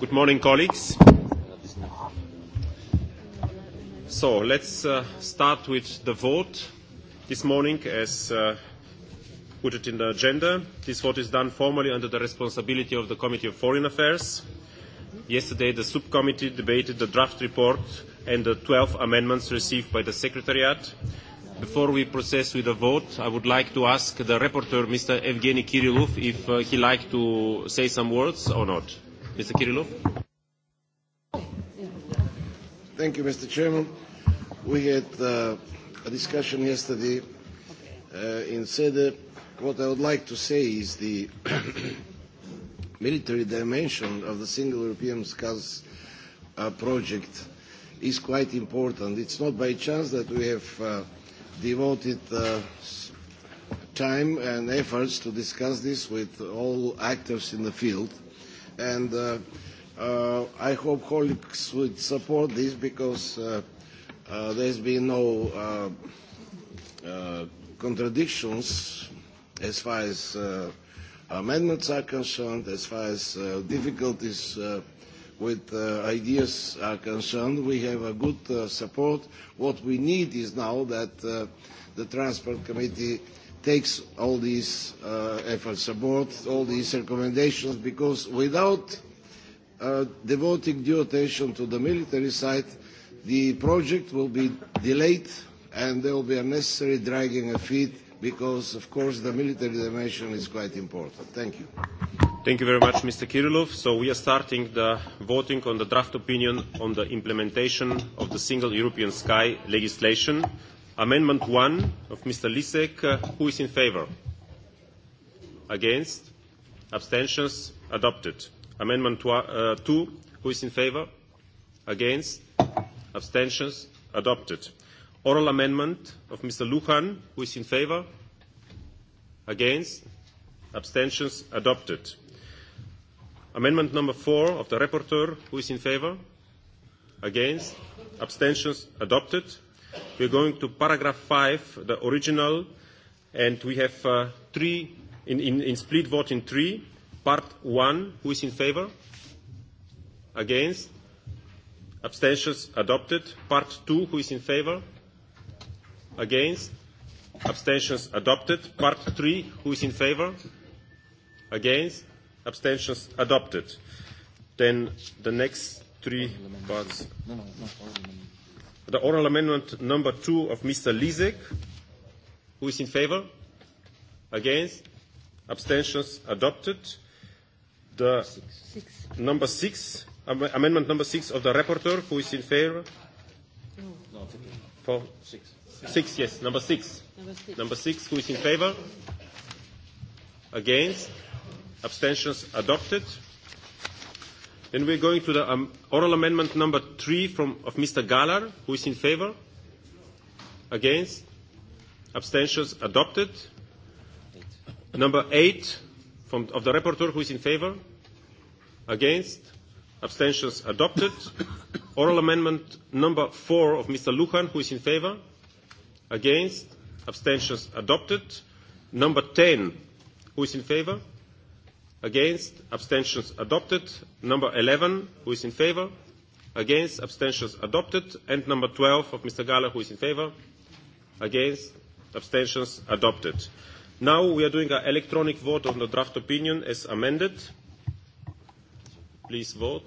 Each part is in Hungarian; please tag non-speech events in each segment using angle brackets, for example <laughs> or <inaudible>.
Good morning, colleagues. So let's uh, start with the vote this morning as uh, put it in the agenda. This vote is done formally under the responsibility of the Committee of Foreign Affairs. Yesterday, the subcommittee debated the draft report and the 12 amendments received by the Secretariat. Before we proceed with the vote, I would like to ask the rapporteur, Mr. Evgeny Kirilov, if uh, he like to say some words or not. Mr. Kirilov? Thank you, Mr. Chairman. We had uh, a discussion yesterday uh, in SEDE. E. What I would like to say is the <coughs> military dimension of the single European SCAS uh, project is quite important. It's not by chance that we have uh, devoted uh, time and efforts to discuss this with all actors in the field. And uh, uh, I hope colleagues would support this because uh, uh, there's been no uh, uh, contradictions as far as uh, amendments are concerned, as far as uh, difficulties uh, with uh, ideas are concerned, we have a good uh, support. What we need is now that uh, the Transport Committee takes all these uh, efforts aboard, all these recommendations, because without uh, devoting due attention to the military side, the project will be delayed and there will be unnecessary dragging of feet because, of course, the military dimension is quite important. Thank you. Thank you very much, Mr. Kirilov. So we are starting the voting on the draft opinion on the implementation of the Single European Sky legislation. Amendment one of Mr. Lisek. Uh, who is in favor? Against? Abstentions? Adopted. Amendment tw- uh, 2. Who is in favor? Against? Abstentions? Adopted. Oral amendment of Mr. Lujan, who is in favor? Against? Abstentions adopted. Amendment number four of the rapporteur, who is in favor? Against? Abstentions adopted. We're going to paragraph five, the original, and we have uh, three in, in, in split vote in three. Part one, who is in favor? Against? Abstentions adopted. Part two, who is in favor? Against? Abstentions adopted. Part 3, who is in favor? Against? Abstentions adopted. Then the next three parts. the oral amendment number 2 of Mr. Lisek. Who is in favor? Against? Abstentions adopted. The six. Six. number 6, amendment number 6 of the rapporteur. Who is in favor? No. no. For? Six. Six. yes. Number six. Number six. Who is in favor? Against? Abstentions adopted. Then we're going to the um, oral amendment number three from, of Mr. Galar. Who is in favor? Against? Abstentions adopted. Number eight from, of the rapporteur. Who is in favor? Against? Abstentions adopted. Oral amendment number four of Mr. Lujan. Who is in favor? Against? Abstentions adopted. Number 10. Who is in favor? Against? Abstentions adopted. Number 11. Who is in favor? Against? Abstentions adopted. And number 12 of Mr. Gala. Who is in favor? Against? Abstentions adopted. Now we are doing an electronic vote on the draft opinion as amended. Please vote.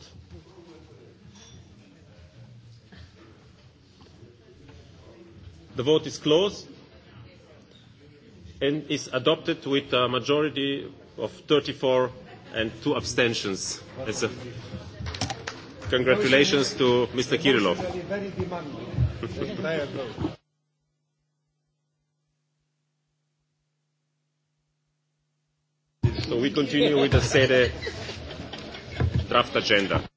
The vote is closed and is adopted with a majority of 34 and two abstentions. As a congratulations to Mr. Kirillov. <laughs> so we continue with the SEDE draft agenda.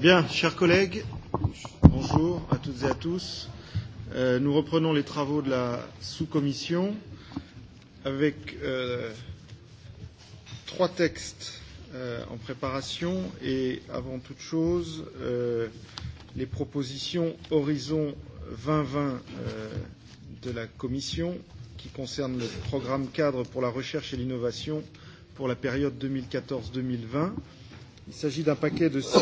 Bien, chers collègues, bonjour à toutes et à tous. Euh, nous reprenons les travaux de la sous-commission avec euh, trois textes euh, en préparation et avant toute chose, euh, les propositions Horizon 2020 euh, de la Commission qui concernent le programme cadre pour la recherche et l'innovation pour la période 2014-2020 Il s'agit d'un paquet de six,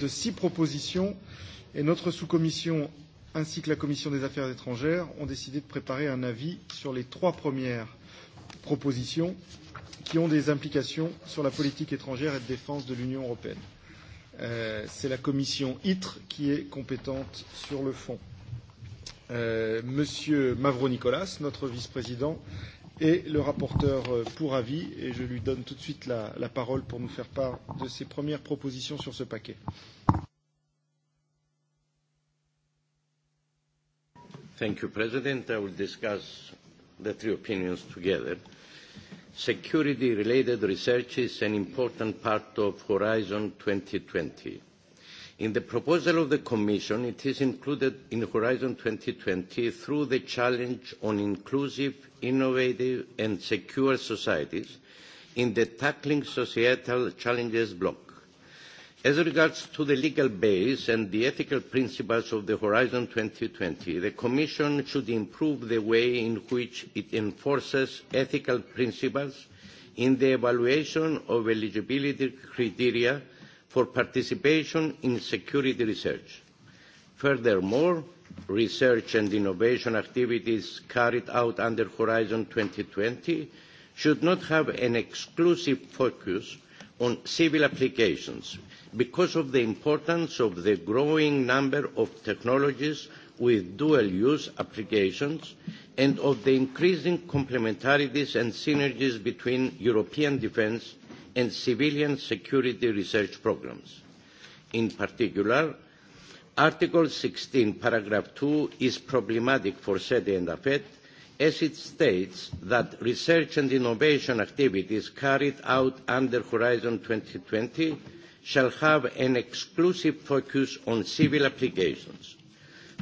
de six propositions et notre sous-commission ainsi que la commission des affaires étrangères ont décidé de préparer un avis sur les trois premières propositions qui ont des implications sur la politique étrangère et de défense de l'Union européenne. Euh, C'est la commission ITRE qui est compétente sur le fond. Euh, Monsieur Mavro Nicolas, notre vice-président, et le rapporteur euh, pour avis. Et je lui donne tout de suite la, la parole pour nous faire part de ses premières propositions sur ce paquet. Thank you, President. I will discuss the three opinions together. Security-related research is an important part of Horizon 2020 In the proposal of the Commission, it is included in Horizon 2020 through the challenge on inclusive, innovative and secure societies in the Tackling Societal Challenges block. As regards to the legal base and the ethical principles of the Horizon 2020, the Commission should improve the way in which it enforces ethical principles in the evaluation of eligibility criteria for participation in security research. Furthermore, research and innovation activities carried out under Horizon 2020 should not have an exclusive focus on civil applications because of the importance of the growing number of technologies with dual-use applications and of the increasing complementarities and synergies between European defence and civilian security research programs. In particular, Article 16, paragraph 2 is problematic for SETI and AFET as it states that research and innovation activities carried out under Horizon 2020 shall have an exclusive focus on civil applications.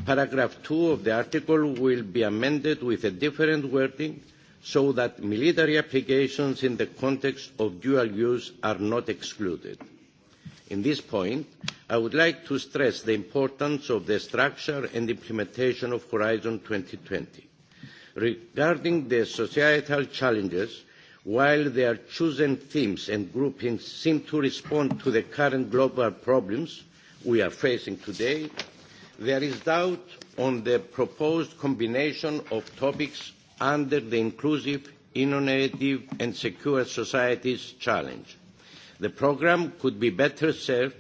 Paragraph 2 of the article will be amended with a different wording so that military applications in the context of dual use are not excluded. In this point, I would like to stress the importance of the structure and implementation of Horizon 2020. Regarding the societal challenges, while their chosen themes and groupings seem to respond to the current global problems we are facing today, there is doubt on the proposed combination of topics under the inclusive, innovative and secure societies challenge. The programme could be better served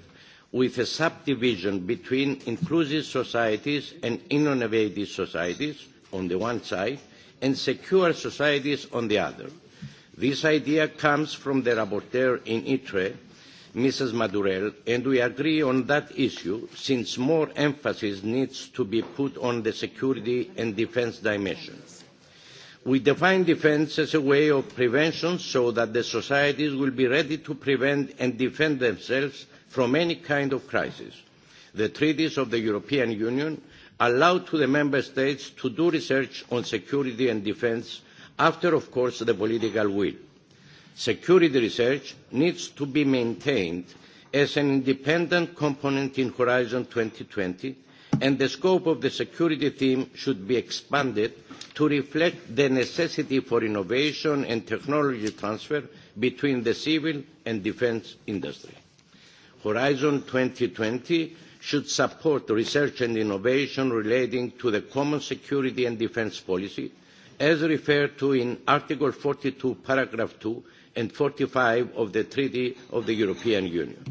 with a subdivision between inclusive societies and innovative societies on the one side and secure societies on the other. This idea comes from the rapporteur in ITRE, Mrs. Madurell, and we agree on that issue since more emphasis needs to be put on the security and defence dimensions. We define defence as a way of prevention so that the societies will be ready to prevent and defend themselves from any kind of crisis. The treaties of the European Union allow to the Member States to do research on security and defence after, of course, the political will. Security research needs to be maintained as an independent component in Horizon 2020 and the scope of the security theme should be expanded to reflect the necessity for innovation and technology transfer between the civil and defence industry. Horizon 2020 should support research and innovation relating to the common security and defence policy, as referred to in Article 42, paragraph 2 and 45 of the Treaty of the European Union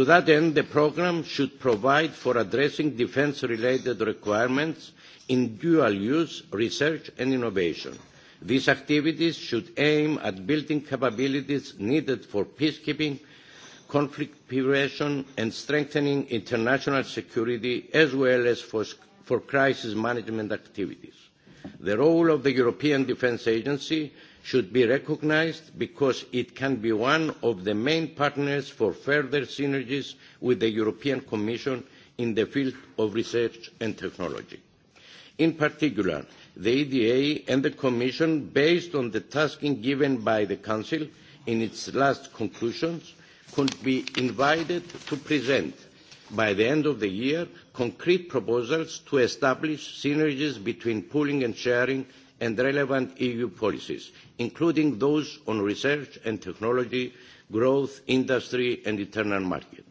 To that end, the programme should provide for addressing defence-related requirements in dual-use research and innovation. These activities should aim at building capabilities needed for peacekeeping, conflict prevention and strengthening international security as well as for, for crisis management activities. The role of the European Defence Agency should be recognised because it can be one of the main partners for further synergies with the European Commission in the field of research and technology. In particular, the EDA and the Commission, based on the tasking given by the Council in its last conclusions, could be invited to present by the end of the year concrete proposals to establish synergies between pooling and sharing and relevant EU policies, including those on research and technology, growth, industry and internal market.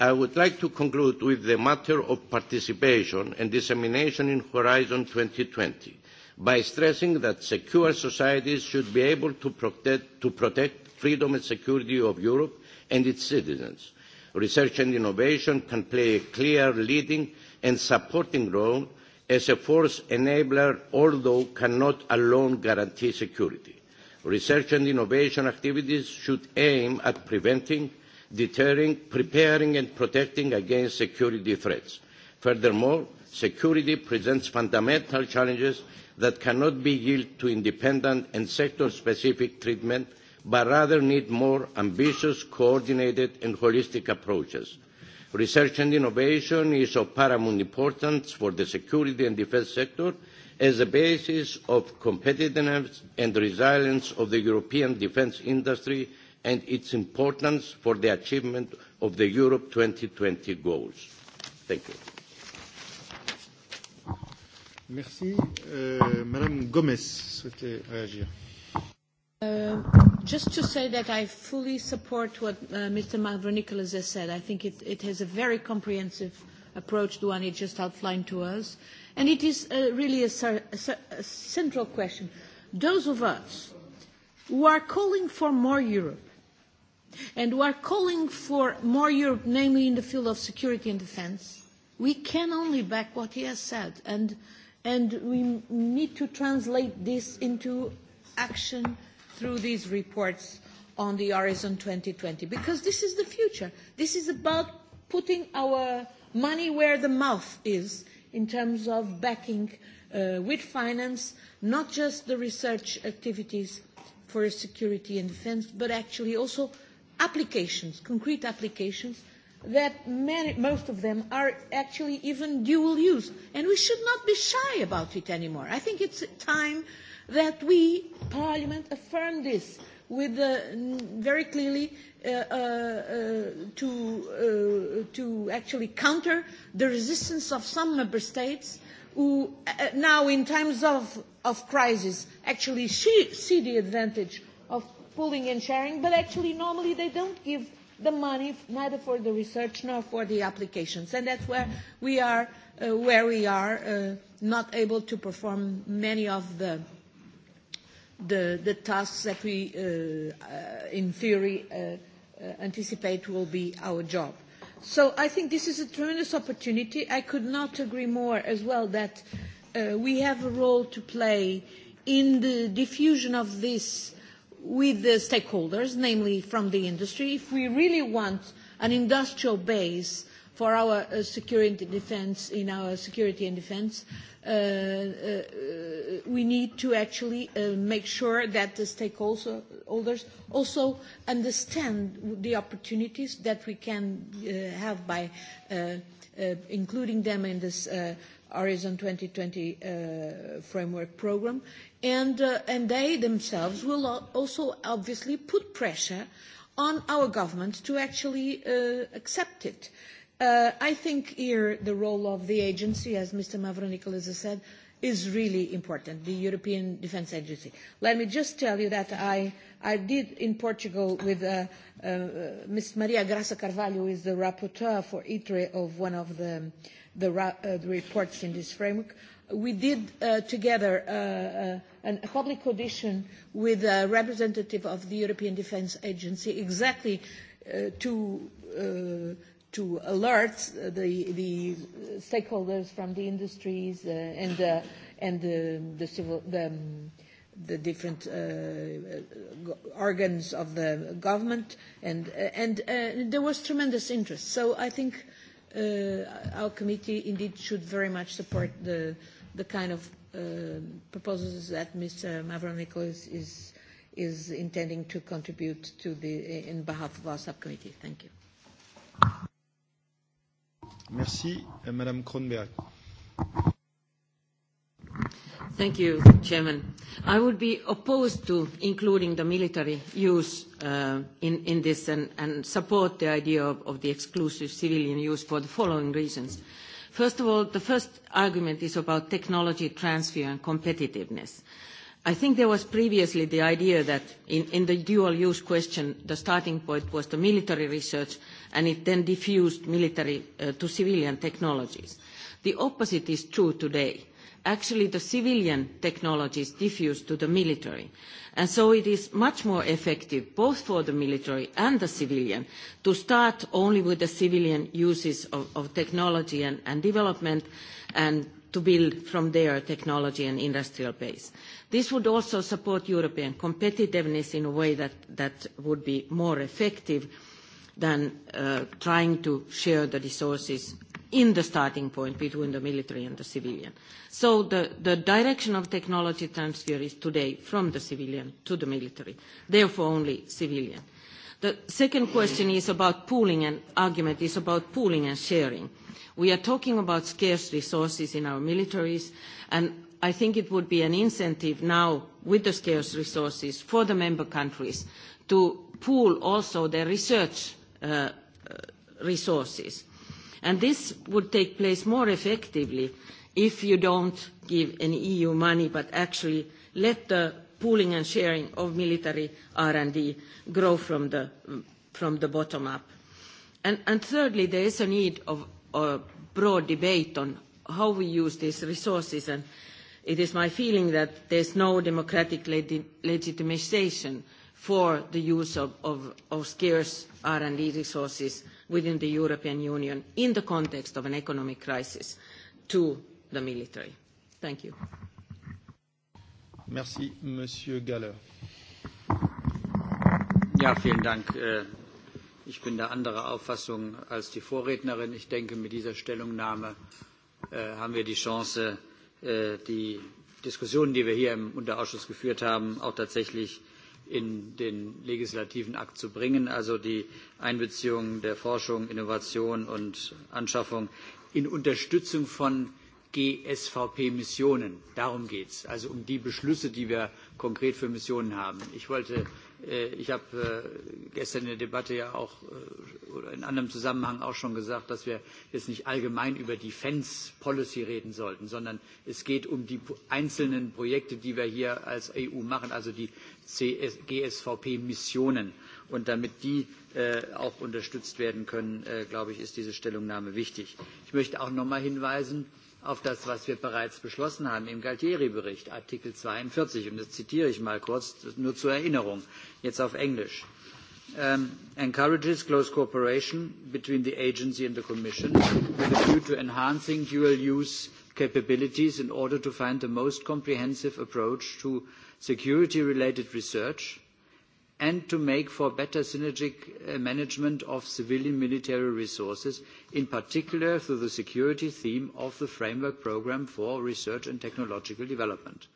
I would like to conclude with the matter of participation and dissemination in Horizon 2020 by stressing that secure societies should be able to protect, to protect freedom and security of Europe and its citizens. Research and innovation can play a clear leading and supporting role as a force enabler, although cannot alone guarantee security. Research and innovation activities should aim at preventing, deterring, preparing and protecting against security threats. Furthermore, security presents fundamental challenges that cannot be yielded to independent and sector-specific treatment, but rather need more ambitious, coordinated and holistic approaches. Research and innovation is of paramount importance for the security and defence sector as a basis of competitiveness and resilience of the European defence industry and its importance for the achievement of the Europe 2020 goals. Thank you. Merci. Euh, Madame Gomez souhaitait réagir. Uh, just to say that I fully support what uh, Mr. Mavronikolas has said. I think it, it has a very comprehensive approach, the one he just outlined to us. And it is uh, really a, a, a central question. Those of us who are calling for more Europe and who are calling for more Europe, namely in the field of security and defence, we can only back what he has said. And, and we need to translate this into action through these reports on the Horizon 2020, because this is the future. This is about putting our money where the mouth is in terms of backing uh, with finance, not just the research activities for security and defense, but actually also applications, concrete applications, that many, most of them are actually even dual use. And we should not be shy about it anymore. I think it's time uh, that we, Parliament, affirm this with the, uh, very clearly uh, uh, uh, to, uh, to actually counter the resistance of some member states who uh, now in times of, of crisis actually see, see the advantage of pooling and sharing, but actually normally they don't give the money neither for the research nor for the applications. And that's where we are, uh, where we are uh, not able to perform many of the the, the tasks that we, uh, uh in theory, uh, uh, anticipate will be our job. So I think this is a tremendous opportunity. I could not agree more as well that uh, we have a role to play in the diffusion of this with the stakeholders, namely from the industry. If we really want an industrial base for our uh, security and defense, in our security and defense, uh, Uh, uh, we need to actually uh, make sure that the stakeholders also understand the opportunities that we can uh, have by uh, uh, including them in this uh, Horizon 2020 uh, framework program, and, uh, and they themselves will also obviously put pressure on our governments to actually uh, accept it. Uh, Uh, I think here the role of the agency, as Mr. Mavronikolas said, is really important, the European Defence Agency. Let me just tell you that I, I did in Portugal with uh, uh, Ms. Maria Graça Carvalho, who is the rapporteur for ITRE of one of the, the, ra uh, the reports in this framework. We did uh, together uh, uh, a public audition with a representative of the European Defence Agency exactly uh, to uh, to alert the, the stakeholders from the industries uh, and, the, uh, and the, the, civil, the, um, the different uh, uh, organs of the government. And, uh, and uh, there was tremendous interest. So I think uh, our committee indeed should very much support the, the kind of uh, proposals that Mr. Mavronikos is, is intending to contribute to the, in behalf of our subcommittee. Thank you. Merci. Madame Kronberg. Thank you, Chairman. I would be opposed to including the military use uh, in, in this and, and support the idea of, of the exclusive civilian use for the following reasons. First of all, the first argument is about technology transfer and competitiveness. I think there was previously the idea that in, in the dual use question, the starting point was the military research, and it then diffused military uh, to civilian technologies. The opposite is true today. Actually, the civilian technologies diffuse to the military. And so it is much more effective, both for the military and the civilian, to start only with the civilian uses of, of technology and, and development and to build from their technology and industrial base. This would also support European competitiveness in a way that, that would be more effective than uh, trying to share the resources in the starting point between the military and the civilian. So the, the direction of technology transfer is today from the civilian to the military, therefore only civilian. The second question is about pooling and argument is about pooling and sharing. We are talking about scarce resources in our militaries and I think it would be an incentive now with the scarce resources for the member countries to pool also their research Uh, resources. And this would take place more effectively if you don't give any EU money, but actually let the pooling and sharing of military R&D grow from the, from the bottom up. And, and thirdly, there is a need of a broad debate on how we use these resources, and it is my feeling that there's no democratic leg legitimization for the use of, of, of scarce R&D resources within the European Union in the context of an economic crisis to the military. Thank you. Merci, Monsieur Galler. Ja, vielen Dank. Äh, ich bin da anderer Auffassung als die Vorrednerin. Ich denke, mit dieser Stellungnahme äh, haben wir die Chance, äh, die Diskussionen, die wir hier im Unterausschuss geführt haben, auch tatsächlich in den legislativen Akt zu bringen, also die Einbeziehung der Forschung, Innovation und Anschaffung in Unterstützung von GSVP-Missionen. Darum geht es, also um die Beschlüsse, die wir konkret für Missionen haben. Ich wollte Äh, ich habe äh, gestern in der Debatte ja auch äh, oder in anderem Zusammenhang auch schon gesagt, dass wir jetzt nicht allgemein über Defense Policy reden sollten, sondern es geht um die einzelnen Projekte, die wir hier als EU machen, also die GSVP Missionen. Und damit die auch unterstützt werden können, glaube ich, ist diese Stellungnahme wichtig. Ich möchte auch noch mal hinweisen, auf das, was wir bereits beschlossen haben im Galtieri-Bericht, Artikel 42, und das zitiere ich mal kurz, nur zur Erinnerung, jetzt auf Englisch. Um, encourages close cooperation between the agency and the Commission with a view to enhancing dual-use capabilities in order to find the most comprehensive approach to security-related research and to make for better synergic uh, management of civilian military resources, in particular through the security theme of the Framework Programme for Research and Technological Development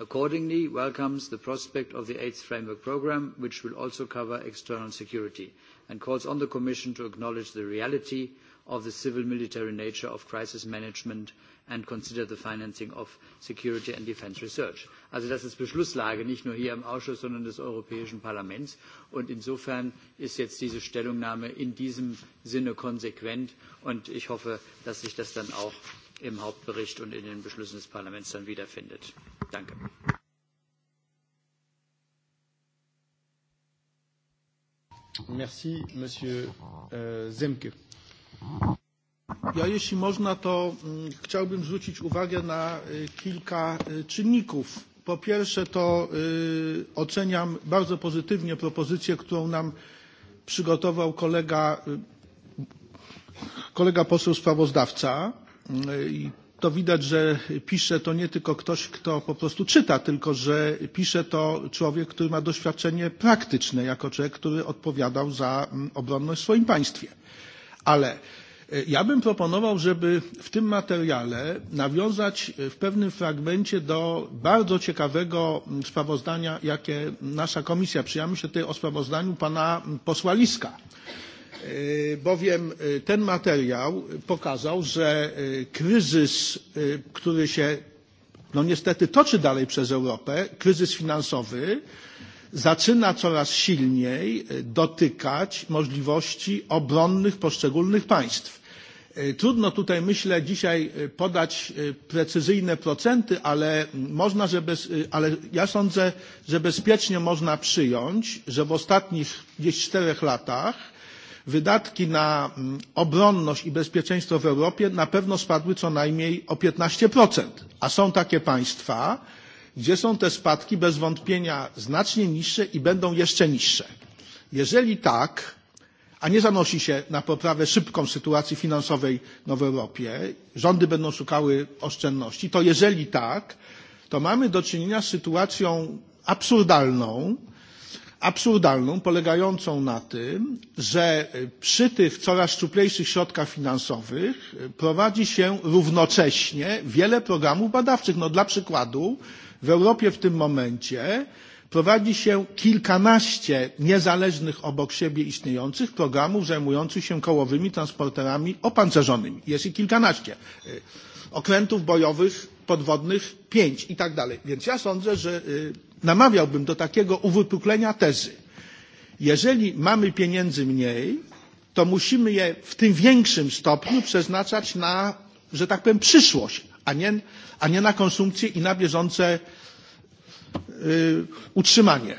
accordingly welcomes the prospect of the eighth framework programme which will also cover external security and calls on the commission to acknowledge the reality of the civil military nature of crisis management and consider the financing of security and defence research. Also das ist Beschlusslage, nicht nur hier im Ausschuss, sondern des Europäischen Parlaments. Und insofern ist jetzt diese Stellungnahme in diesem Sinne konsequent. Und ich hoffe, dass sich das dann auch im Hauptbericht und in den Beschlüssen des Parlaments dann wiederfindet. Danke. Merci, Monsieur euh, Zemke. Ja, jeśli można, to mm, chciałbym zwrócić uwagę na y, kilka y, czynników. Po pierwsze, to y, oceniam bardzo pozytywnie propozycję, którą nam przygotował kolega, kolega poseł sprawozdawca. I to widać, że pisze to nie tylko ktoś, kto po prostu czyta, tylko że pisze to człowiek, który ma doświadczenie praktyczne, jako człowiek, który odpowiadał za mm, obronność w swoim państwie. Ale e, ja bym proponował, żeby w tym materiale nawiązać e, w pewnym fragmencie do bardzo ciekawego mm, sprawozdania, jakie nasza komisja przyjęła. Myślę tutaj o sprawozdaniu pana mm, posła Liska E, bowiem e, ten materiał pokazał, że e, kryzys, który się no niestety toczy dalej przez Europę, kryzys finansowy, zaczyna coraz silniej dotykać możliwości obronnych poszczególnych państw. Trudno tutaj, myślę, dzisiaj podać precyzyjne procenty, ale, można, że bez, ale ja sądzę, że bezpiecznie można przyjąć, że w ostatnich gdzieś czterech latach wydatki na mm, obronność i bezpieczeństwo w Europie na pewno spadły co najmniej o 15%, a są takie państwa, gdzie są te spadki bez wątpienia znacznie niższe i będą jeszcze niższe. Jeżeli tak, a nie zanosi się na poprawę szybką sytuacji finansowej no w Europie, rządy będą szukały oszczędności, to jeżeli tak, to mamy do czynienia z sytuacją absurdalną, absurdalną, polegającą na tym, że przy tych coraz szczuplejszych środkach finansowych prowadzi się równocześnie wiele programów badawczych. No, dla przykładu w Europie w tym momencie prowadzi się kilkanaście niezależnych obok siebie istniejących programów zajmujących się kołowymi transporterami opancerzonymi. Jest ich kilkanaście. Okrętów bojowych, podwodnych pięć i tak dalej. Więc ja sądzę, że namawiałbym do takiego uwypuklenia tezy. Jeżeli mamy pieniędzy mniej, to musimy je w tym większym stopniu przeznaczać na, że tak powiem, przyszłość, a nie, a nie na konsumpcję i na bieżące y, utrzymanie. Y,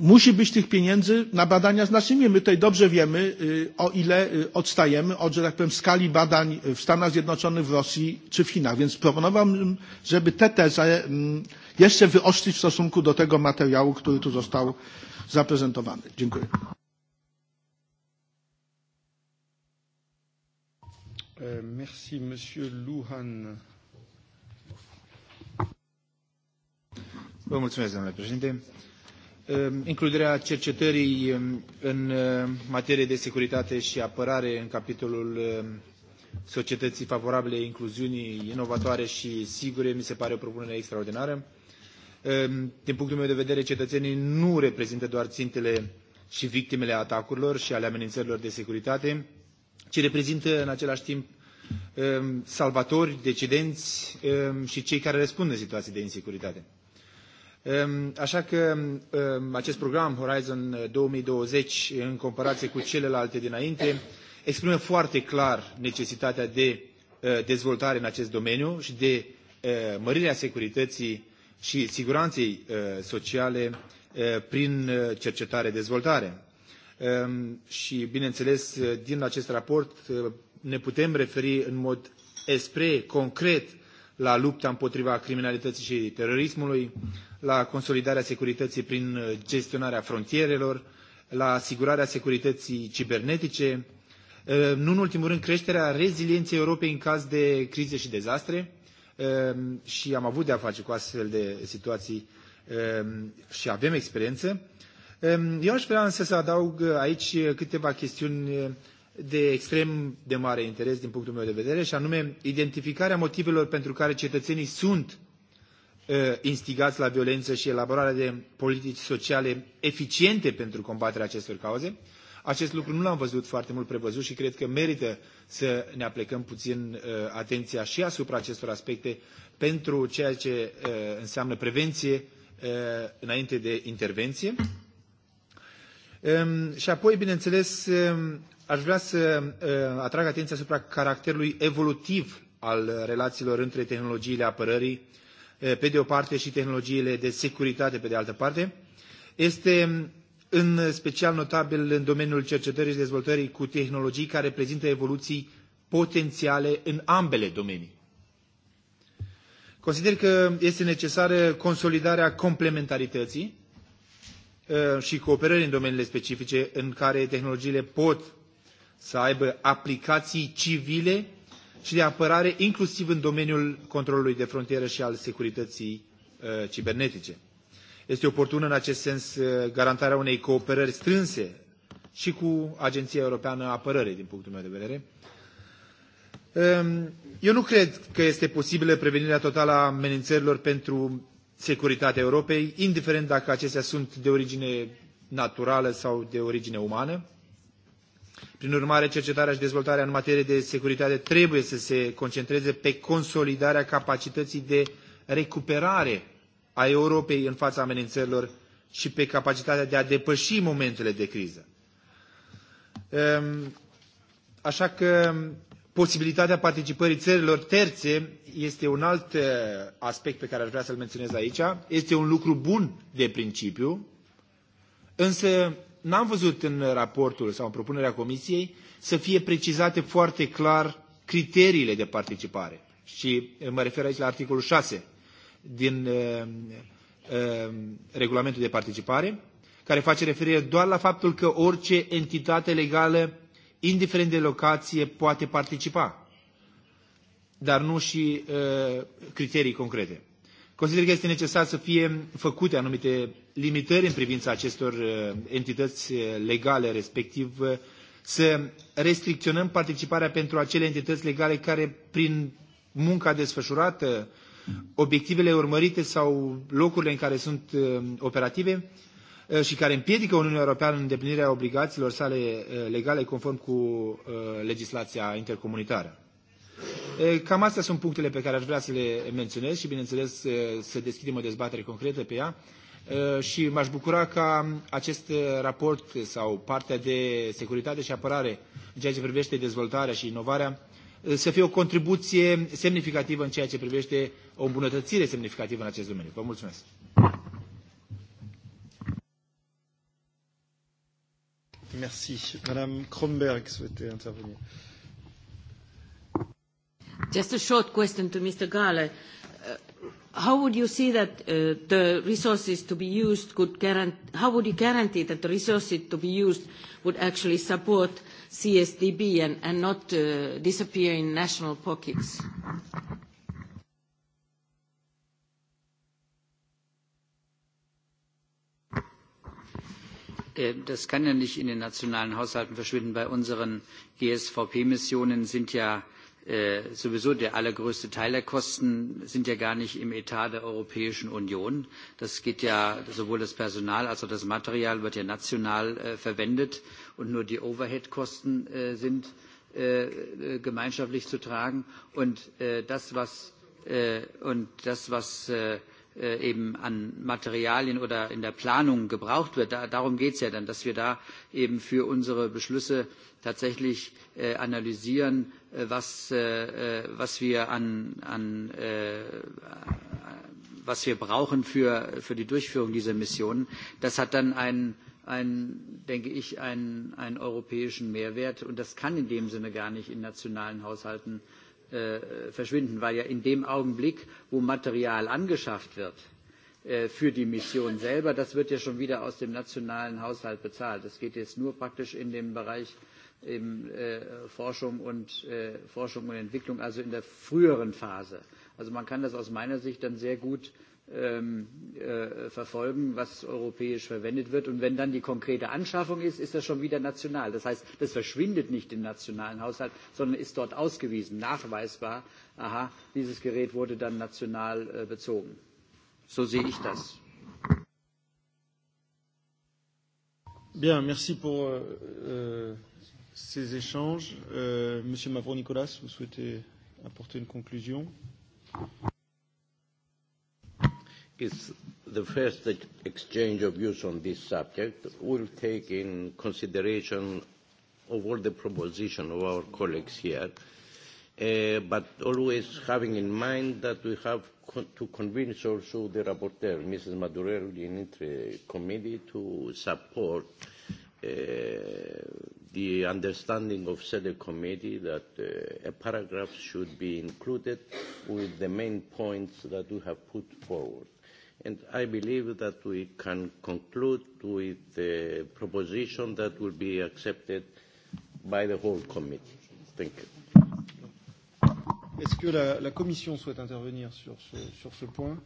musi być tych pieniędzy na badania znacznie mniej. My tutaj dobrze wiemy, y, o ile odstajemy od, że tak powiem, skali badań w Stanach Zjednoczonych, w Rosji czy w Chinach. Więc proponowałbym, żeby tę tezę y, mm, jeszcze wyostrzyć w stosunku do tego materiału, który tu został zaprezentowany. Dziękuję. E, merci, Monsieur Luhan. Vă mulțumesc, domnule președinte. E, includerea cercetării e, în materie de securitate și apărare în capitolul societății favorabile incluziunii inovatoare și sigure mi se pare o propunere extraordinară Ehm, din punctul meu de vedere, cetățenii nu reprezintă doar țintele și victimele atacurilor și ale amenințărilor de securitate, ci reprezintă în același timp ehm, salvatori, decidenți ehm, și cei care răspund în situații de insecuritate. Așa că acest program Horizon 2020, eh, în comparație cu celelalte dinainte, exprimă foarte clar necesitatea de eh, dezvoltare în acest domeniu și de eh, mărirea securității și siguranței uh, sociale uh, prin uh, cercetare-dezvoltare. Um, și, bineînțeles, din acest raport ne putem referi în mod spre concret la lupta împotriva criminalității și terorismului, la consolidarea securității prin gestionarea frontierelor, la asigurarea securității cibernetice, nu în ultimul rând creșterea rezilienței Europei în caz de crize și dezastre, Ehm, și am avut de-a face cu astfel de situații ehm, și avem experiență. Ehm, eu aș vrea însă să adaug aici câteva chestiuni de extrem de mare interes din punctul meu de vedere, și anume identificarea motivelor pentru care cetățenii sunt e, instigați la violență și elaborarea de politici sociale eficiente pentru combaterea acestor cauze. Acest lucru nu l-am văzut foarte mult prevăzut și cred că merită să ne aplecăm puțin uh, atenția și asupra acestor aspecte pentru ceea ce uh, înseamnă prevenție uh, înainte de intervenție. Um, și apoi, bineînțeles, um, aș vrea să atrag atenția asupra caracterului evolutiv al relațiilor între tehnologiile apărării, pe de o parte, și tehnologiile de securitate, pe de altă parte. Este um, în special notabil în domeniul cercetării și dezvoltării cu tehnologii care prezintă evoluții potențiale în ambele domenii. Consider că este necesară consolidarea complementarității uh, și cooperării în domeniile specifice în care tehnologiile pot să aibă aplicații civile și de apărare, inclusiv în domeniul controlului de frontieră și al securității uh, cibernetice. Este oportună în acest sens uh, garantarea unei cooperări strânse și cu Agenția Europeană a Apărării, din punctul meu de vedere. Um, eu nu cred că este posibilă prevenirea totală a amenințărilor pentru securitatea Europei, indiferent dacă acestea sunt de origine naturală sau de origine umană. Prin urmare, cercetarea și dezvoltarea în materie de securitate trebuie să se concentreze pe consolidarea capacității de recuperare a Europei în fața amenințărilor și pe capacitatea de a depăși momentele de criză. Ehm, așa că posibilitatea participării țărilor terțe este un alt eh, aspect pe care aș vrea să-l menționez aici. Este un lucru bun de principiu, însă n-am văzut în raportul sau în propunerea Comisiei să fie precizate foarte clar criteriile de participare. Și mă refer aici la articolul 6 din uh, uh, regulamentul de participare, care face referire doar la faptul că orice entitate legală, indiferent de locație, poate participa, dar nu și uh, criterii concrete. Consider că este necesar să fie făcute anumite limitări în privința acestor uh, entități uh, legale, respectiv uh, să restricționăm participarea pentru acele entități legale care, prin munca desfășurată, uh, obiectivele urmărite sau locurile în care sunt uh, operative uh, și care împiedică Uniunea Europeană în îndeplinirea obligațiilor sale uh, legale conform cu legislația intercomunitară. E, cam astea sunt punctele pe care aș vrea să le menționez și, bineînțeles, să deschidem o dezbatere concretă pe ea și m-aș bucura ca acest raport sau partea de securitate și apărare în ceea ce privește dezvoltarea și inovarea să fie o contribuție semnificativă în ceea ce privește o îmbunătățire semnificativă în acest domeniu. Vă mulțumesc! Merci. Madame Kronberg souhaitait intervenir. Just a short question to Mr. Gale. Uh, how would you see that uh, the resources to be used could guarantee, how would you guarantee that the resources to be used would actually support CSDB and, and not uh, disappear in national pockets? Äh, das kann ja nicht in den nationalen haushalten verschwinden. bei unseren gsvp missionen sind ja äh, sowieso der allergrößte Teil der Kosten sind ja gar nicht im Etat der Europäischen Union. Das geht ja sowohl das Personal als auch das Material wird ja national äh, verwendet und nur die Overhead-Kosten sind gemeinschaftlich zu tragen. Und das, was, Äh, eben an Materialien oder in der Planung gebraucht wird. Da, darum geht es ja dann, dass wir da eben für unsere Beschlüsse tatsächlich äh, analysieren, äh, was, äh, äh, was wir an, an äh, was wir brauchen für, für die Durchführung dieser Missionen. Das hat dann einen, einen denke ich, einen, einen europäischen Mehrwert und das kann in dem Sinne gar nicht in nationalen Haushalten äh, äh, verschwinden, weil ja in dem Augenblick, wo Material angeschafft wird äh, für die Mission selber, das wird ja schon wieder aus dem nationalen Haushalt bezahlt. Das geht jetzt nur praktisch in dem Bereich eben, äh, Forschung, und, äh, Forschung und Entwicklung, also in der früheren Phase. Also man kann das aus meiner Sicht dann sehr gut äh, Ähm, äh, verfolgen, was europäisch verwendet wird. Und wenn dann die konkrete Anschaffung ist, ist das schon wieder national. Das heißt, das verschwindet nicht im nationalen Haushalt, sondern ist dort ausgewiesen, nachweisbar, aha, dieses Gerät wurde dann national äh, bezogen. So sehe ich das. Bien, merci pour euh, euh ces échanges. Euh, Monsieur Mavro-Nicolas, vous souhaitez apporter une conclusion is the first exchange of views on this subject. We'll take in consideration of all the proposition of our colleagues here, uh, but always having in mind that we have con to convince also the rapporteur, Mrs. Madurell, in the committee to support uh, the understanding of said committee that uh, a paragraph should be included with the main points that we have put forward. And I believe that we can conclude with the proposition that will be accepted by the whole committee. Thank you. Est-ce que la, la Commission souhaite intervenir sur ce, sur ce point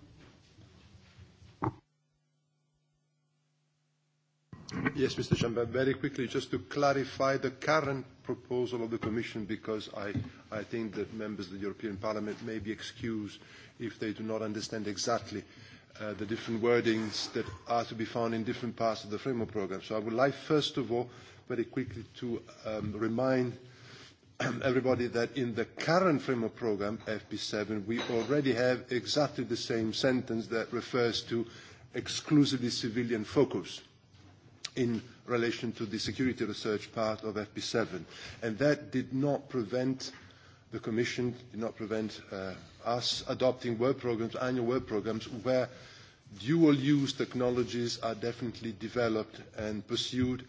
Yes, Mr. Chamber, very quickly, just to clarify the current proposal of the Commission, because I, I think that members of the European Parliament may be excused if they do not understand exactly uh, uh, the different wordings that are to be found in different parts of the framework program. So I would like, first of all, very quickly to um, remind <clears throat> everybody that in the current framework program, FP7, we already have exactly the same sentence that refers to exclusively civilian focus in relation to the security research part of FP7. And that did not prevent the Commission, did not prevent uh, us adopting work programs, annual work programs, where dual-use technologies are definitely developed and pursued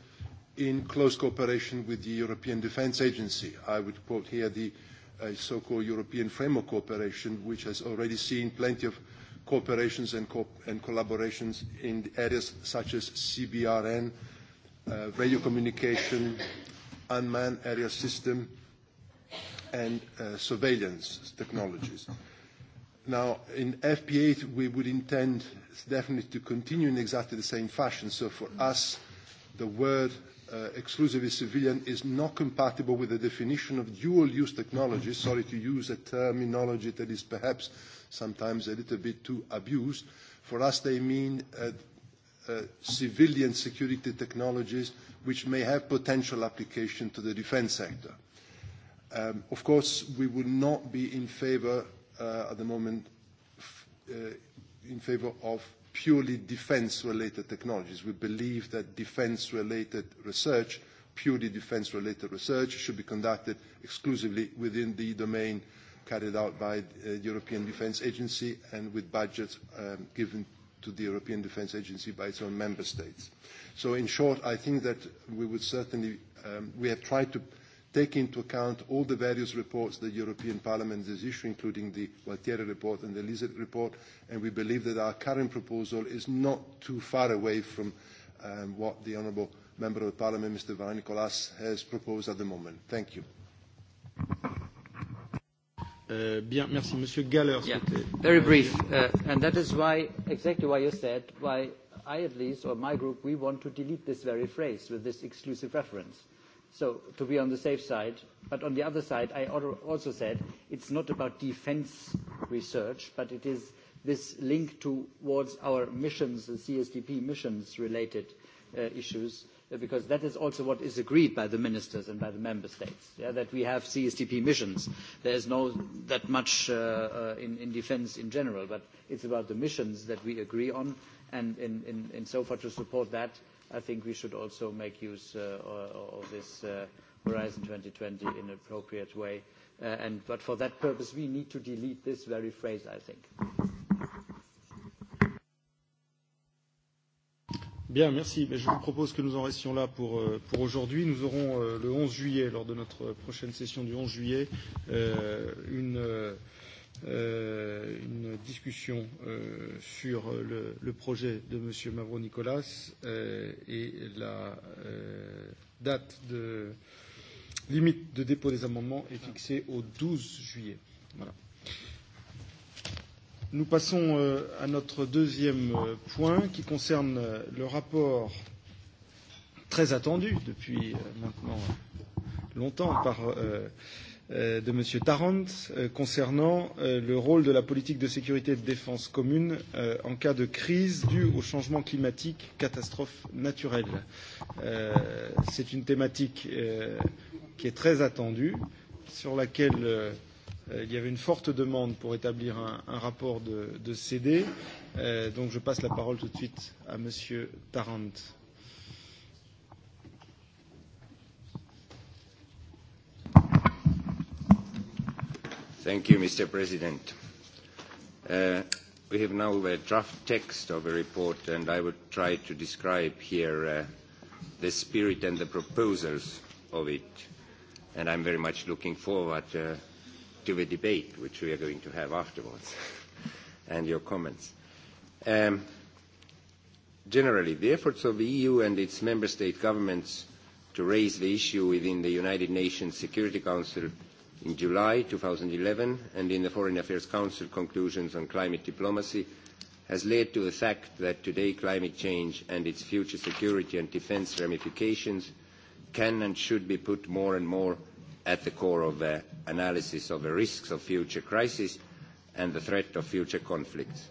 in close cooperation with the European Defence Agency. I would quote here the uh, so-called European Framework Cooperation, which has already seen plenty of cooperations and, co and collaborations in areas such as CBRN, uh, radio communication, unmanned area system, and uh, surveillance technologies. Now, in FP8, we would intend definitely to continue in exactly the same fashion. So for us, the word uh, exclusively civilian is not compatible with the definition of dual-use technology. Sorry to use a terminology that is perhaps sometimes a little bit too abused. For us, they mean uh, uh, civilian security technologies which may have potential application to the defense sector. Um, of course, we would not be in favor uh, at the moment uh, in favor of purely defense-related technologies. We believe that defense-related research, purely defense-related research, should be conducted exclusively within the domain carried out by the European Defence Agency and with budgets um, given to the European Defence Agency by its own member states. So in short, I think that we would certainly, um, we have tried to take into account all the various reports the European Parliament has issued, including the Gualtieri report and the Lizard report, and we believe that our current proposal is not too far away from um, what the Honourable Member of the Parliament, Mr. Varanikolas, has proposed at the moment. Thank you. Uh, bien, merci. Monsieur Galler, yeah, very brief, uh, and that is why exactly why you said why I at least or my group we want to delete this very phrase with this exclusive reference So to be on the safe side, but on the other side, I also said it's not about defense research, but it is this link towards our missions, the CSDP missions related uh, issues, uh, because that is also what is agreed by the ministers and by the member states, yeah, that we have CSDP missions. There is no that much uh, in, in defense in general, but it's about the missions that we agree on, and in so far to support that, I think we should also make use uh, of this uh, Horizon 2020 in an appropriate way. Uh, and, but for that purpose, we need to delete this very phrase, I think. Bien, merci. Mais je vous propose que nous en restions là pour, euh, pour aujourd'hui. Nous aurons euh, le 11 juillet, lors de notre prochaine session du 11 juillet, euh, une euh, une discussion euh, sur le, le projet de M. Mavro-Nicolas euh, et la euh, date de limite de dépôt des amendements est fixée au 12 juillet. Voilà. Nous passons euh, à notre deuxième euh, point qui concerne euh, le rapport très attendu depuis euh, maintenant longtemps par euh, Euh, de M. Tarrant euh, concernant euh, le rôle de la politique de sécurité et de défense commune en cas de crise due au changement climatique, catastrophe naturelle. C'est une thématique qui est très attendue, sur laquelle il y avait une forte demande pour établir un, un rapport de, de CD. donc je passe la parole tout de suite à M. Tarrant. Thank you, Mr. President. Uh, we have now a draft text of a report, and I would try to describe here uh, the spirit and the proposals of it. And I'm very much looking forward uh, to the debate, which we are going to have afterwards, <laughs> and your comments. Um, generally, the efforts of the EU and its member state governments to raise the issue within the United Nations Security Council in July 2011 and in the Foreign Affairs Council conclusions on climate diplomacy has led to the fact that today climate change and its future security and defence ramifications can and should be put more and more at the core of the uh, analysis of the risks of future crises and the threat of future conflicts.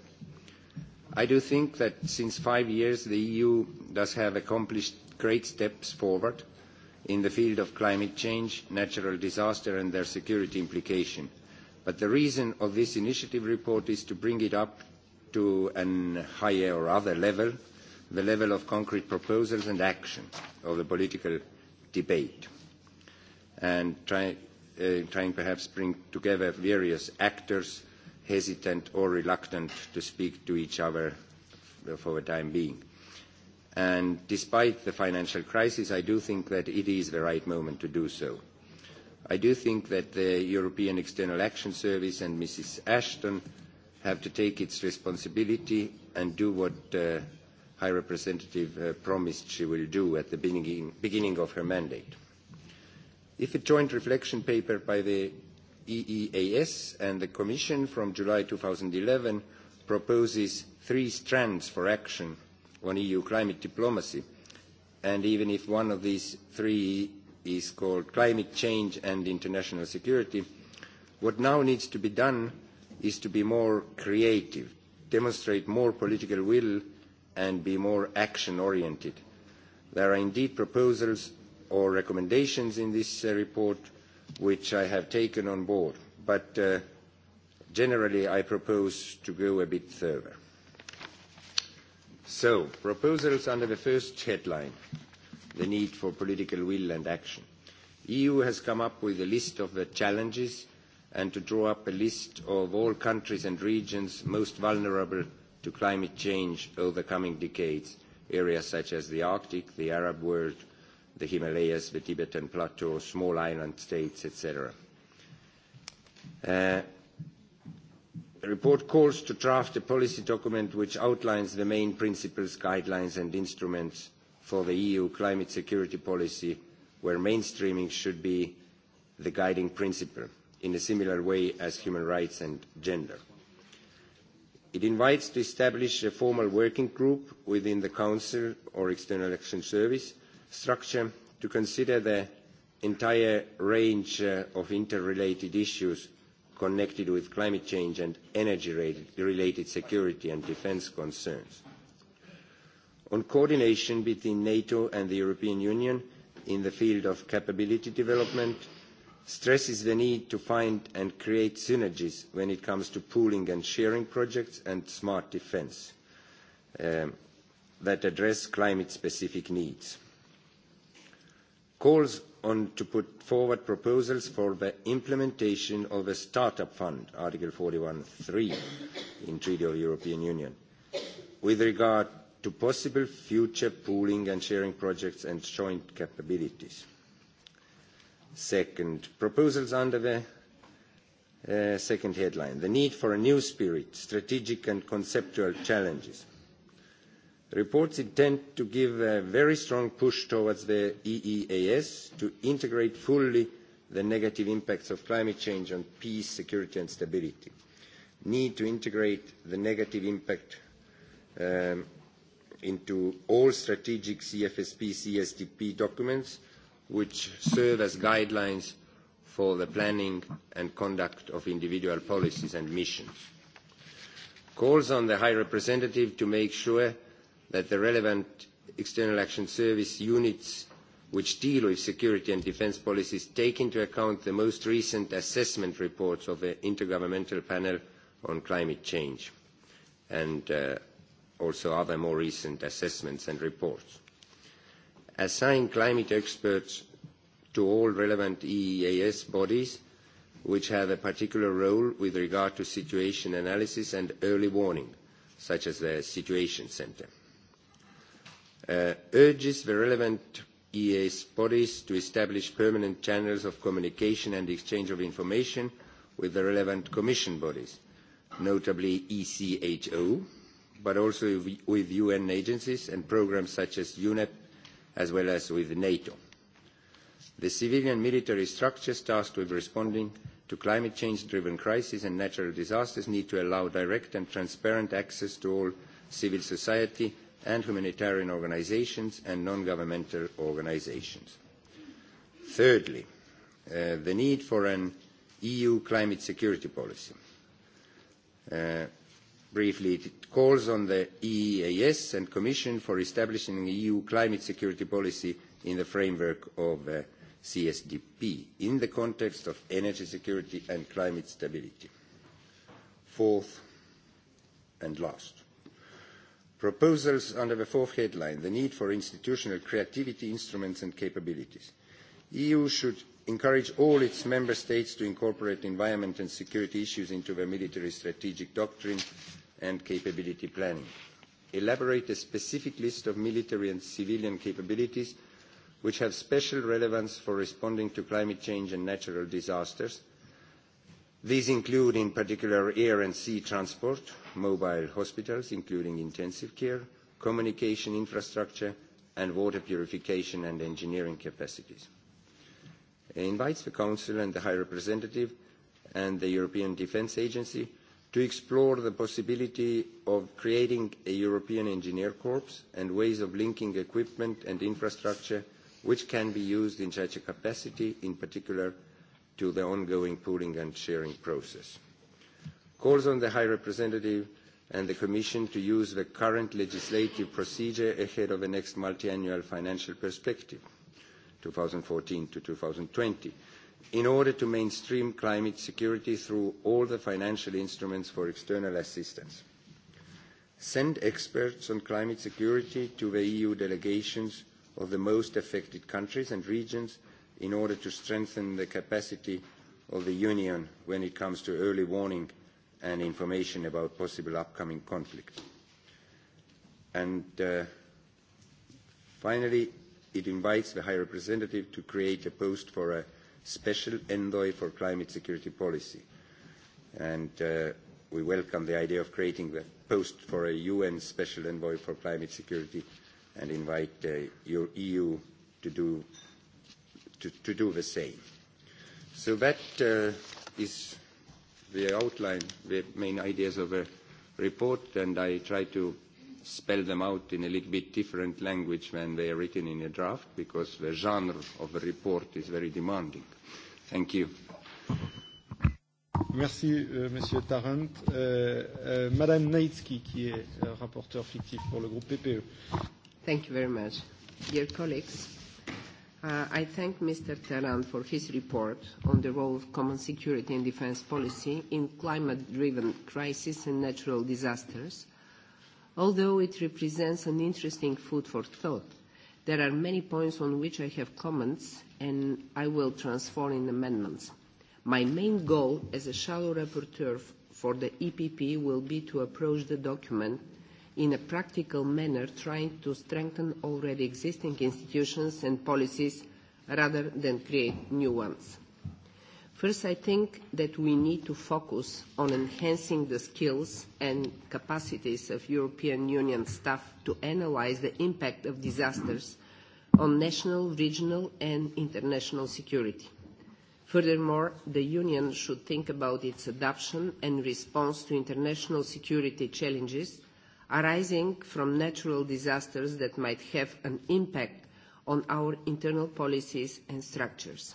I do think that since five years the EU does have accomplished great steps forward in the field of climate change, natural disaster and their security implication. But the reason of this initiative report is to bring it up to a higher or other level, the level of concrete proposals and action of the political debate, and try, uh, trying perhaps bring together various actors hesitant or reluctant to speak to each other for the time being. And despite the financial crisis, I do think that it is the right moment to do so. I do think that the European External Action Service and Mrs. Ashton have to take its responsibility and do what uh, High Representative uh, promised she will do at the beginning, beginning of her mandate. If a joint reflection paper by the EEAS and the Commission from July 2011 proposes three strands for action – on EU climate diplomacy, and even if one of these three is called climate change and international security, what now needs to be done is to be more creative, demonstrate more political will, and be more action-oriented. There are indeed proposals or recommendations in this uh, report which I have taken on board, but uh, generally I propose to go a bit further. So, proposals under the first headline, the need for political will and action. EU has come up with a list of the challenges and to draw up a list of all countries and regions most vulnerable to climate change over the coming decades, areas such as the Arctic, the Arab world, the Himalayas, the Tibetan Plateau, small island states, etc. Uh, The report calls to draft a policy document which outlines the main principles, guidelines and instruments for the EU climate security policy, where mainstreaming should be the guiding principle, in a similar way as human rights and gender. It invites to establish a formal working group within the Council or External Action Service structure to consider the entire range uh, of interrelated issues connected with climate change and energy-related security and defence concerns. On coordination between NATO and the European Union in the field of capability development, stresses the need to find and create synergies when it comes to pooling and sharing projects and smart defence um, that address climate-specific needs. Calls on to put forward proposals for the implementation of a startup fund, Article 41.3 in Treaty of European Union, with regard to possible future pooling and sharing projects and joint capabilities. Second, proposals under the uh, second headline, the need for a new spirit, strategic and conceptual challenges report's intend to give a very strong push towards the EEAS to integrate fully the negative impacts of climate change on peace, security and stability. Need to integrate the negative impact um, into all strategic CFSP, CSDP documents which serve as guidelines for the planning and conduct of individual policies and missions. Calls on the High Representative to make sure that the relevant external action service units which deal with security and defence policies take into account the most recent assessment reports of the intergovernmental panel on climate change and uh, also other more recent assessments and reports. Assign climate experts to all relevant EEAS bodies which have a particular role with regard to situation analysis and early warning, such as the Situation Centre Uh, urges the relevant eeas bodies to establish permanent channels of communication and exchange of information with the relevant Commission bodies, notably ECHO, but also with UN agencies and programmes such as UNEP, as well as with NATO. The civilian military structures tasked with responding to climate change-driven crises and natural disasters need to allow direct and transparent access to all civil society and humanitarian organizations and non-governmental organizations. Thirdly, uh, the need for an EU climate security policy. Uh, briefly, it calls on the EEAS and Commission for establishing an EU climate security policy in the framework of uh, CSDP in the context of energy security and climate stability. Fourth and last, proposals under the fourth headline, the need for institutional creativity, instruments and capabilities. EU should encourage all its member states to incorporate environment and security issues into their military strategic doctrine and capability planning. Elaborate a specific list of military and civilian capabilities which have special relevance for responding to climate change and natural disasters. These include, in particular, air and sea transport, mobile hospitals, including intensive care, communication infrastructure, and water purification and engineering capacities. It invites the Council and the High Representative and the European Defence Agency to explore the possibility of creating a European Engineer Corps and ways of linking equipment and infrastructure which can be used in such a capacity, in particular to the ongoing pooling and sharing process calls on the High Representative and the Commission to use the current legislative procedure ahead of the next multiannual financial perspective, 2014 to 2020, in order to mainstream climate security through all the financial instruments for external assistance. Send experts on climate security to the EU delegations of the most affected countries and regions in order to strengthen the capacity of the Union when it comes to early warning and information about possible upcoming conflict. And uh, finally, it invites the High Representative to create a post for a special envoy for climate security policy. And uh, we welcome the idea of creating the post for a UN special envoy for climate security and invite uh, your EU to do, to, to do the same. So that uh, is the outline the main ideas of a report, and I try to spell them out in a little bit different language when they are written in a draft, because the genre of a report is very demanding. Thank you. Merci, euh, Monsieur Tarrant. Euh, euh, Madame Naitsky, qui est euh, rapporteur fictif pour le groupe PPE. Thank you very much. Dear colleagues, Uh, I thank Mr. Tarand for his report on the role of common security and defense policy in climate-driven crises and natural disasters. Although it represents an interesting food for thought, there are many points on which I have comments and I will transform in amendments. My main goal as a shadow rapporteur for the EPP will be to approach the document in a practical manner, trying to strengthen already existing institutions and policies rather than create new ones. First, I think that we need to focus on enhancing the skills and capacities of European Union staff to analyse the impact of disasters on national, regional and international security. Furthermore, the Union should think about its adoption and response to international security challenges – arising from natural disasters that might have an impact on our internal policies and structures.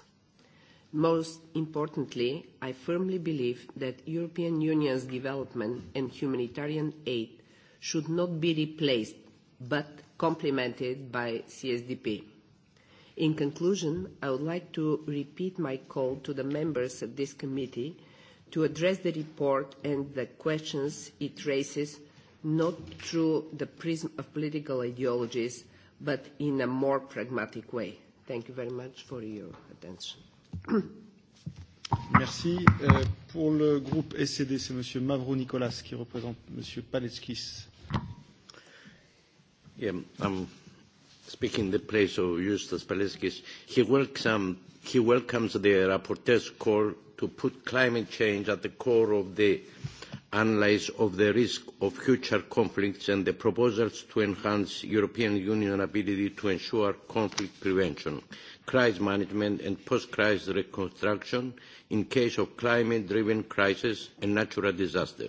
Most importantly, I firmly believe that European Union's development and humanitarian aid should not be replaced, but complemented by CSDP. In conclusion, I would like to repeat my call to the members of this committee to address the report and the questions it raises not through the prism of political ideologies, but in a more pragmatic way. Thank you very much for your attention. Merci. Euh, pour le groupe SCD, c'est Monsieur Mavro Nicolas qui représente Monsieur Paletskis. Yeah, I'm speaking in the place of Justus Paletskis. He, welcomes, he welcomes the rapporteur's call to put climate change at the core of the analyse of the risk of future conflicts and the proposals to enhance European Union ability to ensure conflict prevention, crisis management and post-crisis reconstruction in case of climate-driven crisis and natural disaster.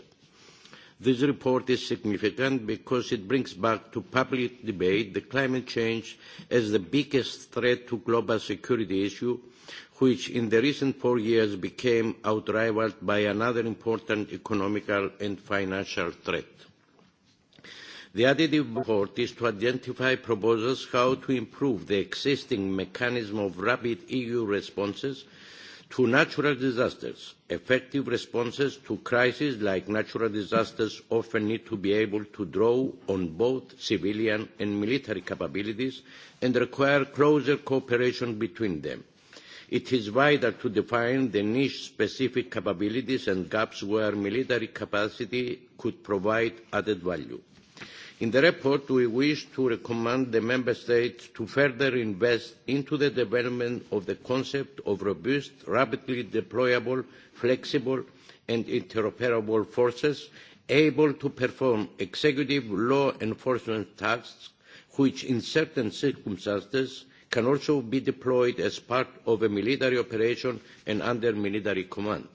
This report is significant because it brings back to public debate the climate change as the biggest threat to global security issue which in the recent four years became outrivaled by another important economical and financial threat. The additive report is to identify proposals how to improve the existing mechanism of rapid EU responses to natural disasters. Effective responses to crises like natural disasters often need to be able to draw on both civilian and military capabilities and require closer cooperation between them. It is vital to define the niche-specific capabilities and gaps where military capacity could provide added value. In the report, we wish to recommend the Member States to further invest into the development of the concept of robust, rapidly deployable, flexible and interoperable forces able to perform executive law enforcement tasks which in certain circumstances can also be deployed as part of a military operation and under military command.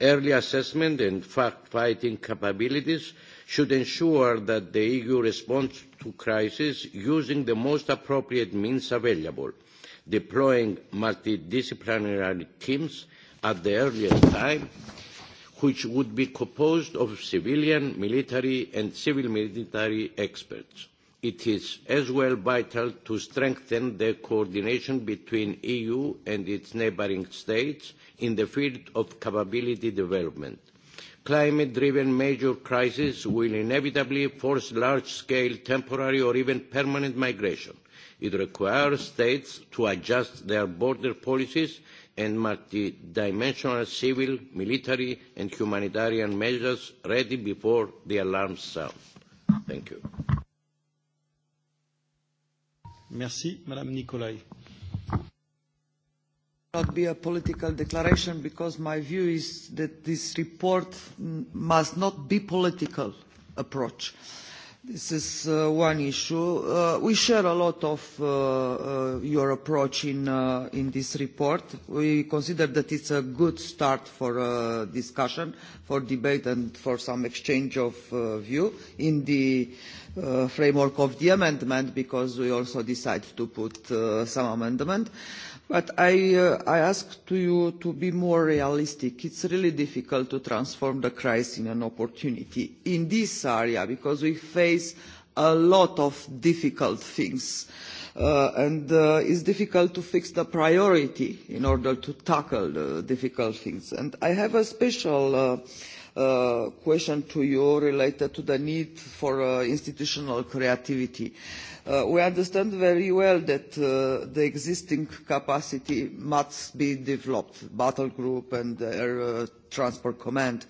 Early assessment and fact-fighting capabilities should ensure that the EU responds to crises using the most appropriate means available, deploying multidisciplinary teams at the earliest time, which would be composed of civilian, military and civil military experts it is as well vital to strengthen the coordination between EU and its neighbouring states in the field of capability development. Climate-driven major crises will inevitably force large-scale temporary or even permanent migration. It requires states to adjust their border policies and multidimensional civil, military and humanitarian measures ready before the alarms sound. Thank you. Merci, Madame Nicolai. Not be a political declaration because my view is that this report must not be political approach. Uh, This is uh, one issue. Uh, we share a lot of uh, uh your approach in, uh, in, this report. We consider that it's a good start for uh, discussion, for debate and for some exchange of view in the framework of the amendment because we also decide to put some amendment. Uh, But I, uh, ask you to be more realistic. It's really difficult to transform the crisis in an opportunity in this area because we face a lot of difficult things. Uh, and uh, it's difficult to fix the priority in order to tackle the difficult things. And I have a special uh, Uh, question to you related to the need for uh, institutional creativity. Uh, we understand very well that uh, the existing capacity must be developed, battle group and air uh, transport command.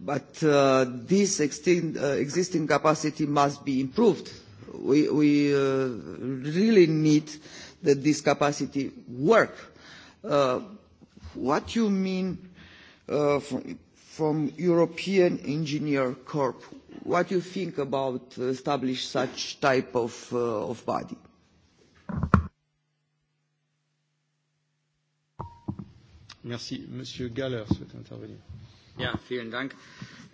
But uh, this extin- uh, existing capacity must be improved. We, we uh, really need that this capacity work. Uh, what you mean uh, from, from European Engineer Corp. What do you think about establish such type of, uh, of body? Merci. Monsieur Galler souhaite intervenir. Ja, vielen Dank.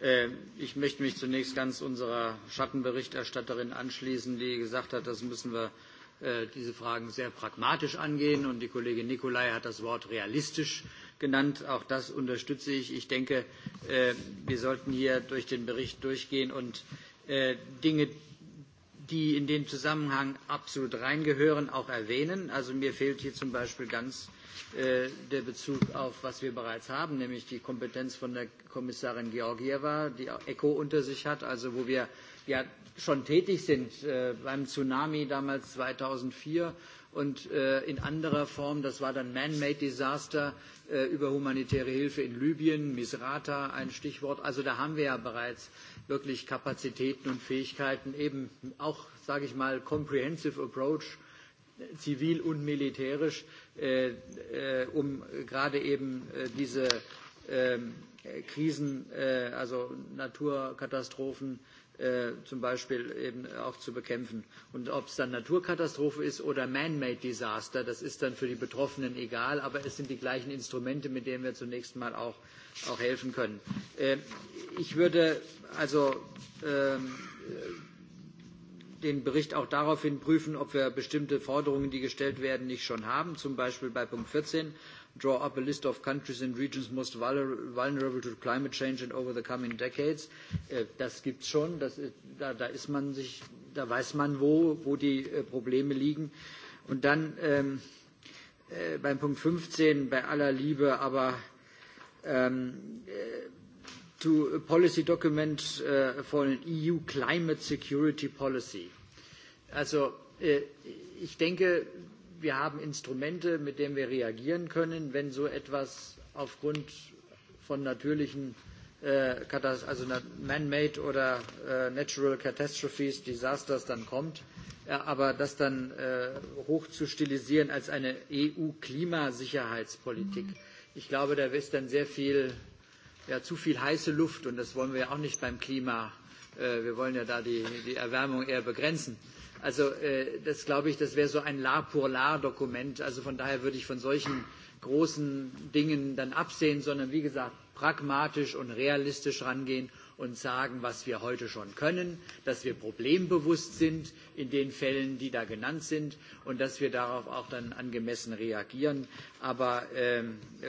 Ähm, ich möchte mich zunächst ganz unserer Schattenberichterstatterin anschließen, die gesagt hat, das müssen wir äh, diese Fragen sehr pragmatisch angehen. Und die Kollegin Nicolai hat das Wort realistisch äh, genannt. Auch das unterstütze ich. Ich denke, äh, wir sollten hier durch den Bericht durchgehen und äh, Dinge, die in den Zusammenhang absolut reingehören, auch erwähnen. Also mir fehlt hier zum Beispiel ganz äh, der Bezug auf, was wir bereits haben, nämlich die Kompetenz von der Kommissarin Georgieva, die ECHO unter sich hat, also wo wir ja schon tätig sind äh, beim Tsunami damals 2004 und äh, in anderer Form, das war dann Man-Made Disaster äh, über humanitäre Hilfe in Libyen, Misrata ein Stichwort. Also da haben wir ja bereits wirklich Kapazitäten und Fähigkeiten, eben auch, sage ich mal, Comprehensive Approach zivil und militärisch, äh, äh, um gerade eben äh, diese äh, Krisen, äh, also Naturkatastrophen Äh, zum Beispiel eben auch zu bekämpfen. Und ob es dann Naturkatastrophe ist oder Man-Made Disaster, das ist dann für die Betroffenen egal, aber es sind die gleichen Instrumente, mit denen wir zunächst mal auch, auch helfen können. Äh, ich würde also äh, den Bericht auch daraufhin prüfen, ob wir bestimmte Forderungen, die gestellt werden, nicht schon haben, zum Beispiel bei Punkt 14 draw up a list of countries and regions most vulnerable to climate change and over the coming decades. Äh, das gibt's schon, das, äh, da, da ist man sich, da weiß man, wo, wo die äh, Probleme liegen. Und dann ähm, äh, beim Punkt 15, bei aller Liebe, aber ähm, äh, to a policy document for an EU climate security policy. Also äh, ich denke, wir haben Instrumente, mit denen wir reagieren können, wenn so etwas aufgrund von natürlichen äh, also man-made oder äh, natural catastrophes, Disasters dann kommt. Ja, äh, aber das dann äh, hoch zu stilisieren als eine EU-Klimasicherheitspolitik, mhm. ich glaube, da ist dann sehr viel, ja, zu viel heiße Luft und das wollen wir ja auch nicht beim Klima. Äh, wir wollen ja da die, die Erwärmung eher begrenzen. Also äh, das glaube ich, das wäre so ein La-pour-La-Dokument. Also von daher würde ich von solchen großen Dingen dann absehen, sondern wie gesagt, pragmatisch und realistisch rangehen und sagen, was wir heute schon können, dass wir problembewusst sind in den Fällen, die da genannt sind und dass wir darauf auch dann angemessen reagieren. Aber äh,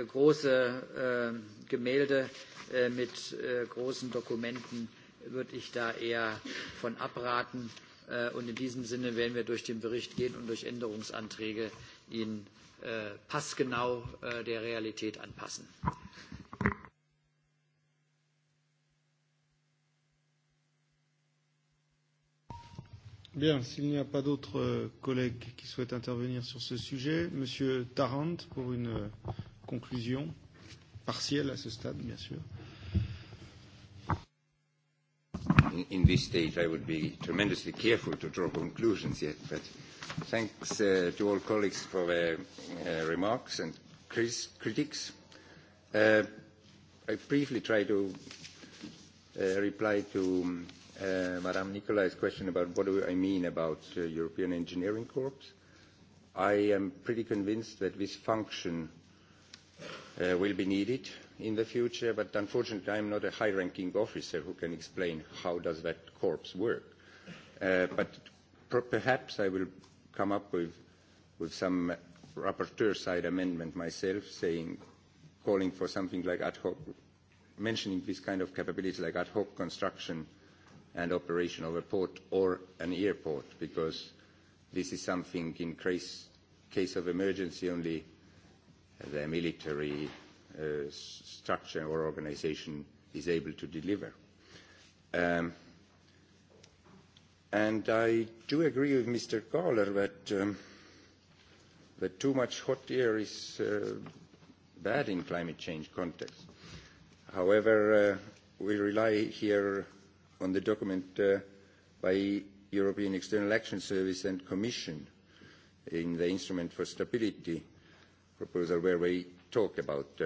große äh, Gemälde äh, mit äh, großen Dokumenten würde ich da eher von abraten. Äh, und in diesem Sinne werden wir durch den Bericht gehen und durch Änderungsanträge ihn äh, passgenau äh, der Realität anpassen. Bien, s'il n'y a pas d'autres euh, collègues qui souhaitent intervenir sur ce sujet, Monsieur Tarrant, pour une euh, conclusion partielle à ce stade, bien sûr. Euh, in, this stage, I would be tremendously careful to draw conclusions yet, but thanks uh, to all colleagues for their uh, remarks and cris- critics. Uh, I briefly try to uh, reply to um, uh, Madame Nicolai's question about what do I mean about uh, European Engineering Corps. I am pretty convinced that this function uh, will be needed in the future, but unfortunately I'm not a high-ranking officer who can explain how does that corps work. Uh, but per perhaps I will come up with, with some rapporteur side amendment myself saying, calling for something like ad hoc, mentioning this kind of capability like ad hoc construction and operation of a port or an airport, because this is something in case, case of emergency only the military uh, structure or organization is able to deliver. Um, and I do agree with Mr. Kohler that, um, that too much hot air is uh, bad in climate change context. However, uh, we rely here on the document uh, by European External Action Service and Commission in the Instrument for Stability – proposal where we talk about uh,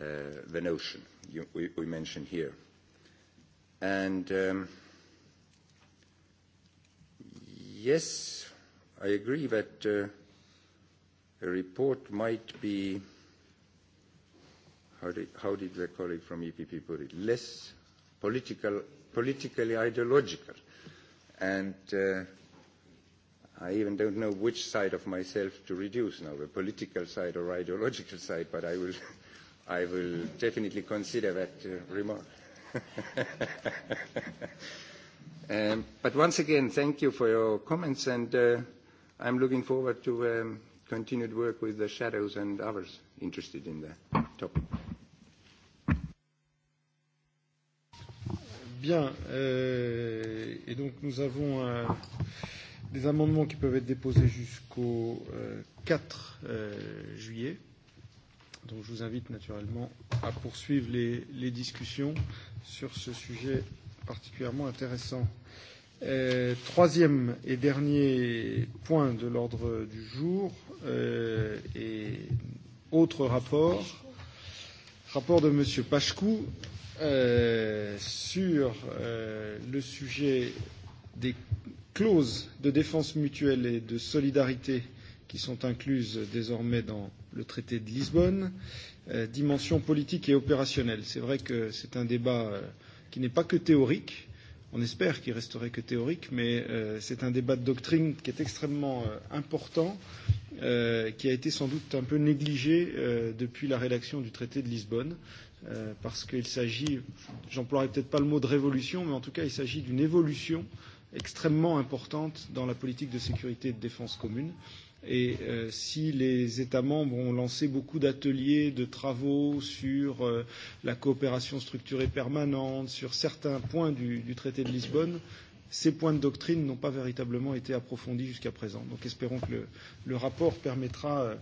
uh, the notion you, we, we mentioned here. And um, yes, I agree that uh, a report might be, how did, how did the colleague from EPP put it, less political, politically ideological. And uh, I even don't know which side of myself to reduce now, the political side or ideological side, but I will, I will definitely consider that uh, remark. <laughs> um, but once again, thank you for your comments, and uh, I'm looking forward to um, continued work with the shadows and others interested in the topic. Bien, euh, et donc nous avons euh, des amendements qui peuvent être déposés jusqu'au euh, 4 euh, juillet. Donc je vous invite naturellement à poursuivre les, les discussions sur ce sujet particulièrement intéressant. Euh, troisième et dernier point de l'ordre du jour euh, et autre rapport, rapport de M. Pachkou euh, sur euh, le sujet des clauses de défense mutuelle et de solidarité qui sont incluses désormais dans le traité de Lisbonne, euh, dimension politique et opérationnelle. C'est vrai que c'est un débat euh, qui n'est pas que théorique, on espère qu'il resterait que théorique, mais euh, c'est un débat de doctrine qui est extrêmement euh, important, euh, qui a été sans doute un peu négligé euh, depuis la rédaction du traité de Lisbonne, euh, parce qu'il s'agit, j'emploierai peut-être pas le mot de révolution, mais en tout cas il s'agit d'une évolution euh, extrêmement importante dans la politique de sécurité et de défense commune. Et euh, si les États membres ont lancé beaucoup d'ateliers, de travaux sur euh, la coopération structurée permanente, sur certains points du, du traité de Lisbonne, ces points de doctrine n'ont pas véritablement été approfondis jusqu'à présent. Donc espérons que le, le rapport permettra euh,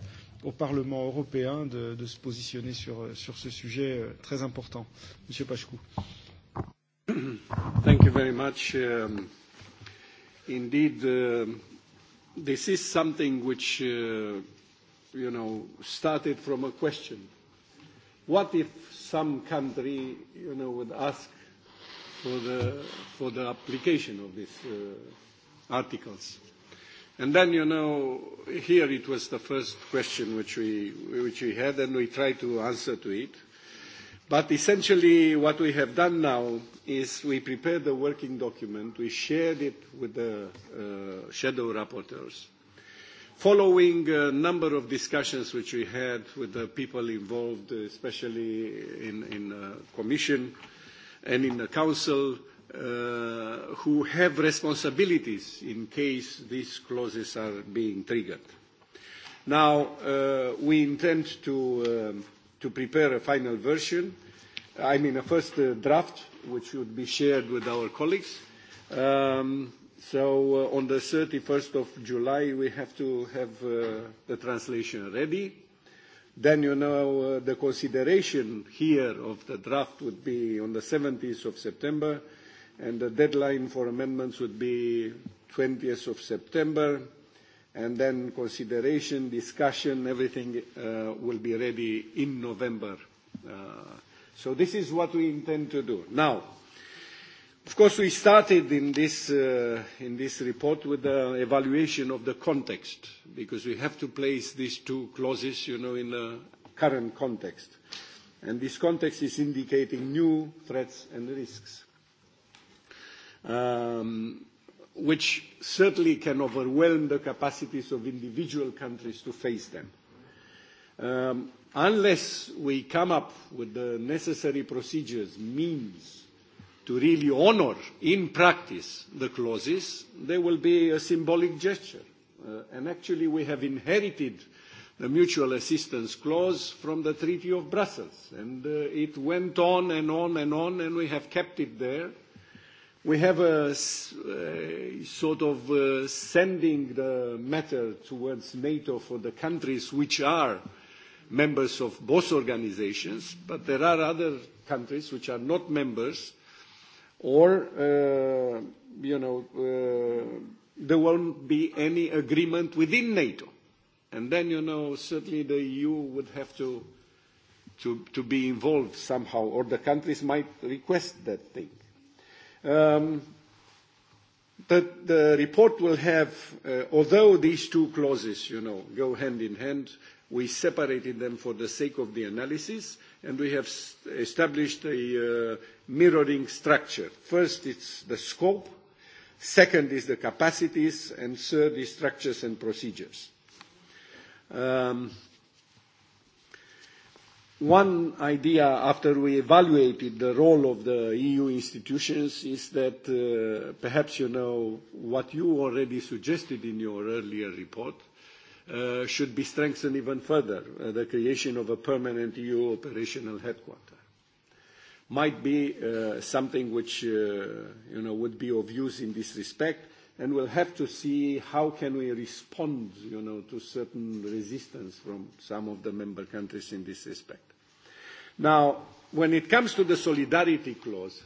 au Parlement européen de, de se positionner sur, euh, sur ce sujet euh, très important. Monsieur Pachkou. Thank you very much. Um indeed, uh, this is something which, uh, you know, started from a question. What if some country, you know, would ask for the, for the application of these uh, articles? And then, you know, here it was the first question which we, which we had, and we tried to answer to it. But essentially, what we have done now is we prepared a working document. We shared it with the uh, shadow rapporteurs. Following a number of discussions which we had with the people involved, especially in, in the Commission and in the Council, uh, who have responsibilities in case these clauses are being triggered. Now, uh, we intend to um, to prepare a final version, I mean a first uh, draft, which would be shared with our colleagues. Um, so uh, on the 31st of July, we have to have uh, the translation ready. Then, you know, uh, the consideration here of the draft would be on the 17th of September, and the deadline for amendments would be 20th of September and then consideration, discussion, everything uh, will be ready in November. Uh, so this is what we intend to do. Now, of course, we started in this, uh, in this report with the evaluation of the context, because we have to place these two clauses, you know, in the current context. And this context is indicating new threats and risks. Um, which certainly can overwhelm the capacities of individual countries to face them. Um, unless we come up with the necessary procedures, means to really honor in practice the clauses, there will be a symbolic gesture. Uh, and actually we have inherited the mutual assistance clause from the Treaty of Brussels. And uh, it went on and on and on, and we have kept it there we have a, a sort of uh, sending the matter towards NATO for the countries which are members of both organizations, but there are other countries which are not members or, uh, you know, uh, there won't be any agreement within NATO. And then, you know, certainly the EU would have to, to, to be involved somehow, or the countries might request that thing. Um, the, the report will have, uh, although these two clauses, you know, go hand in hand, we separated them for the sake of the analysis, and we have established a uh, mirroring structure. First, it's the scope. Second is the capacities, and third is structures and procedures. Um, One idea after we evaluated the role of the EU institutions is that uh, perhaps you know what you already suggested in your earlier report uh, should be strengthened even further, uh, the creation of a permanent EU operational headquarters might be uh, something which uh, you know would be of use in this respect and we'll have to see how can we respond, you know, to certain resistance from some of the member countries in this respect. Now, when it comes to the solidarity clause,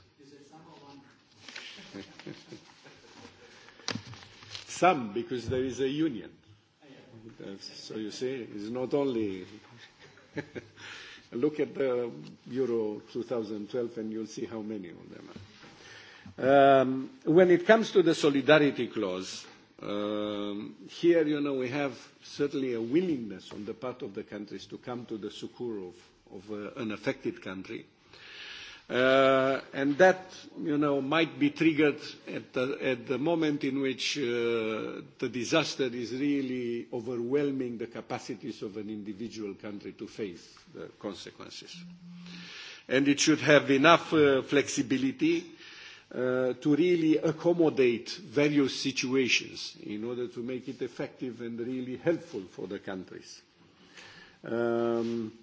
<laughs> some because there is a union. So you see, it's not only. <laughs> Look at the Euro 2012 and you'll see how many of them are. Um, when it comes to the solidarity clause, um, here, you know, we have certainly a willingness on the part of the countries to come to the succour of, of uh, an affected country. Uh, and that, you know, might be triggered at the, at the moment in which uh, the disaster is really overwhelming the capacities of an individual country to face the consequences. And it should have enough uh, flexibility Uh, to really accommodate various situations in order to make it effective and really helpful for the countries. Um,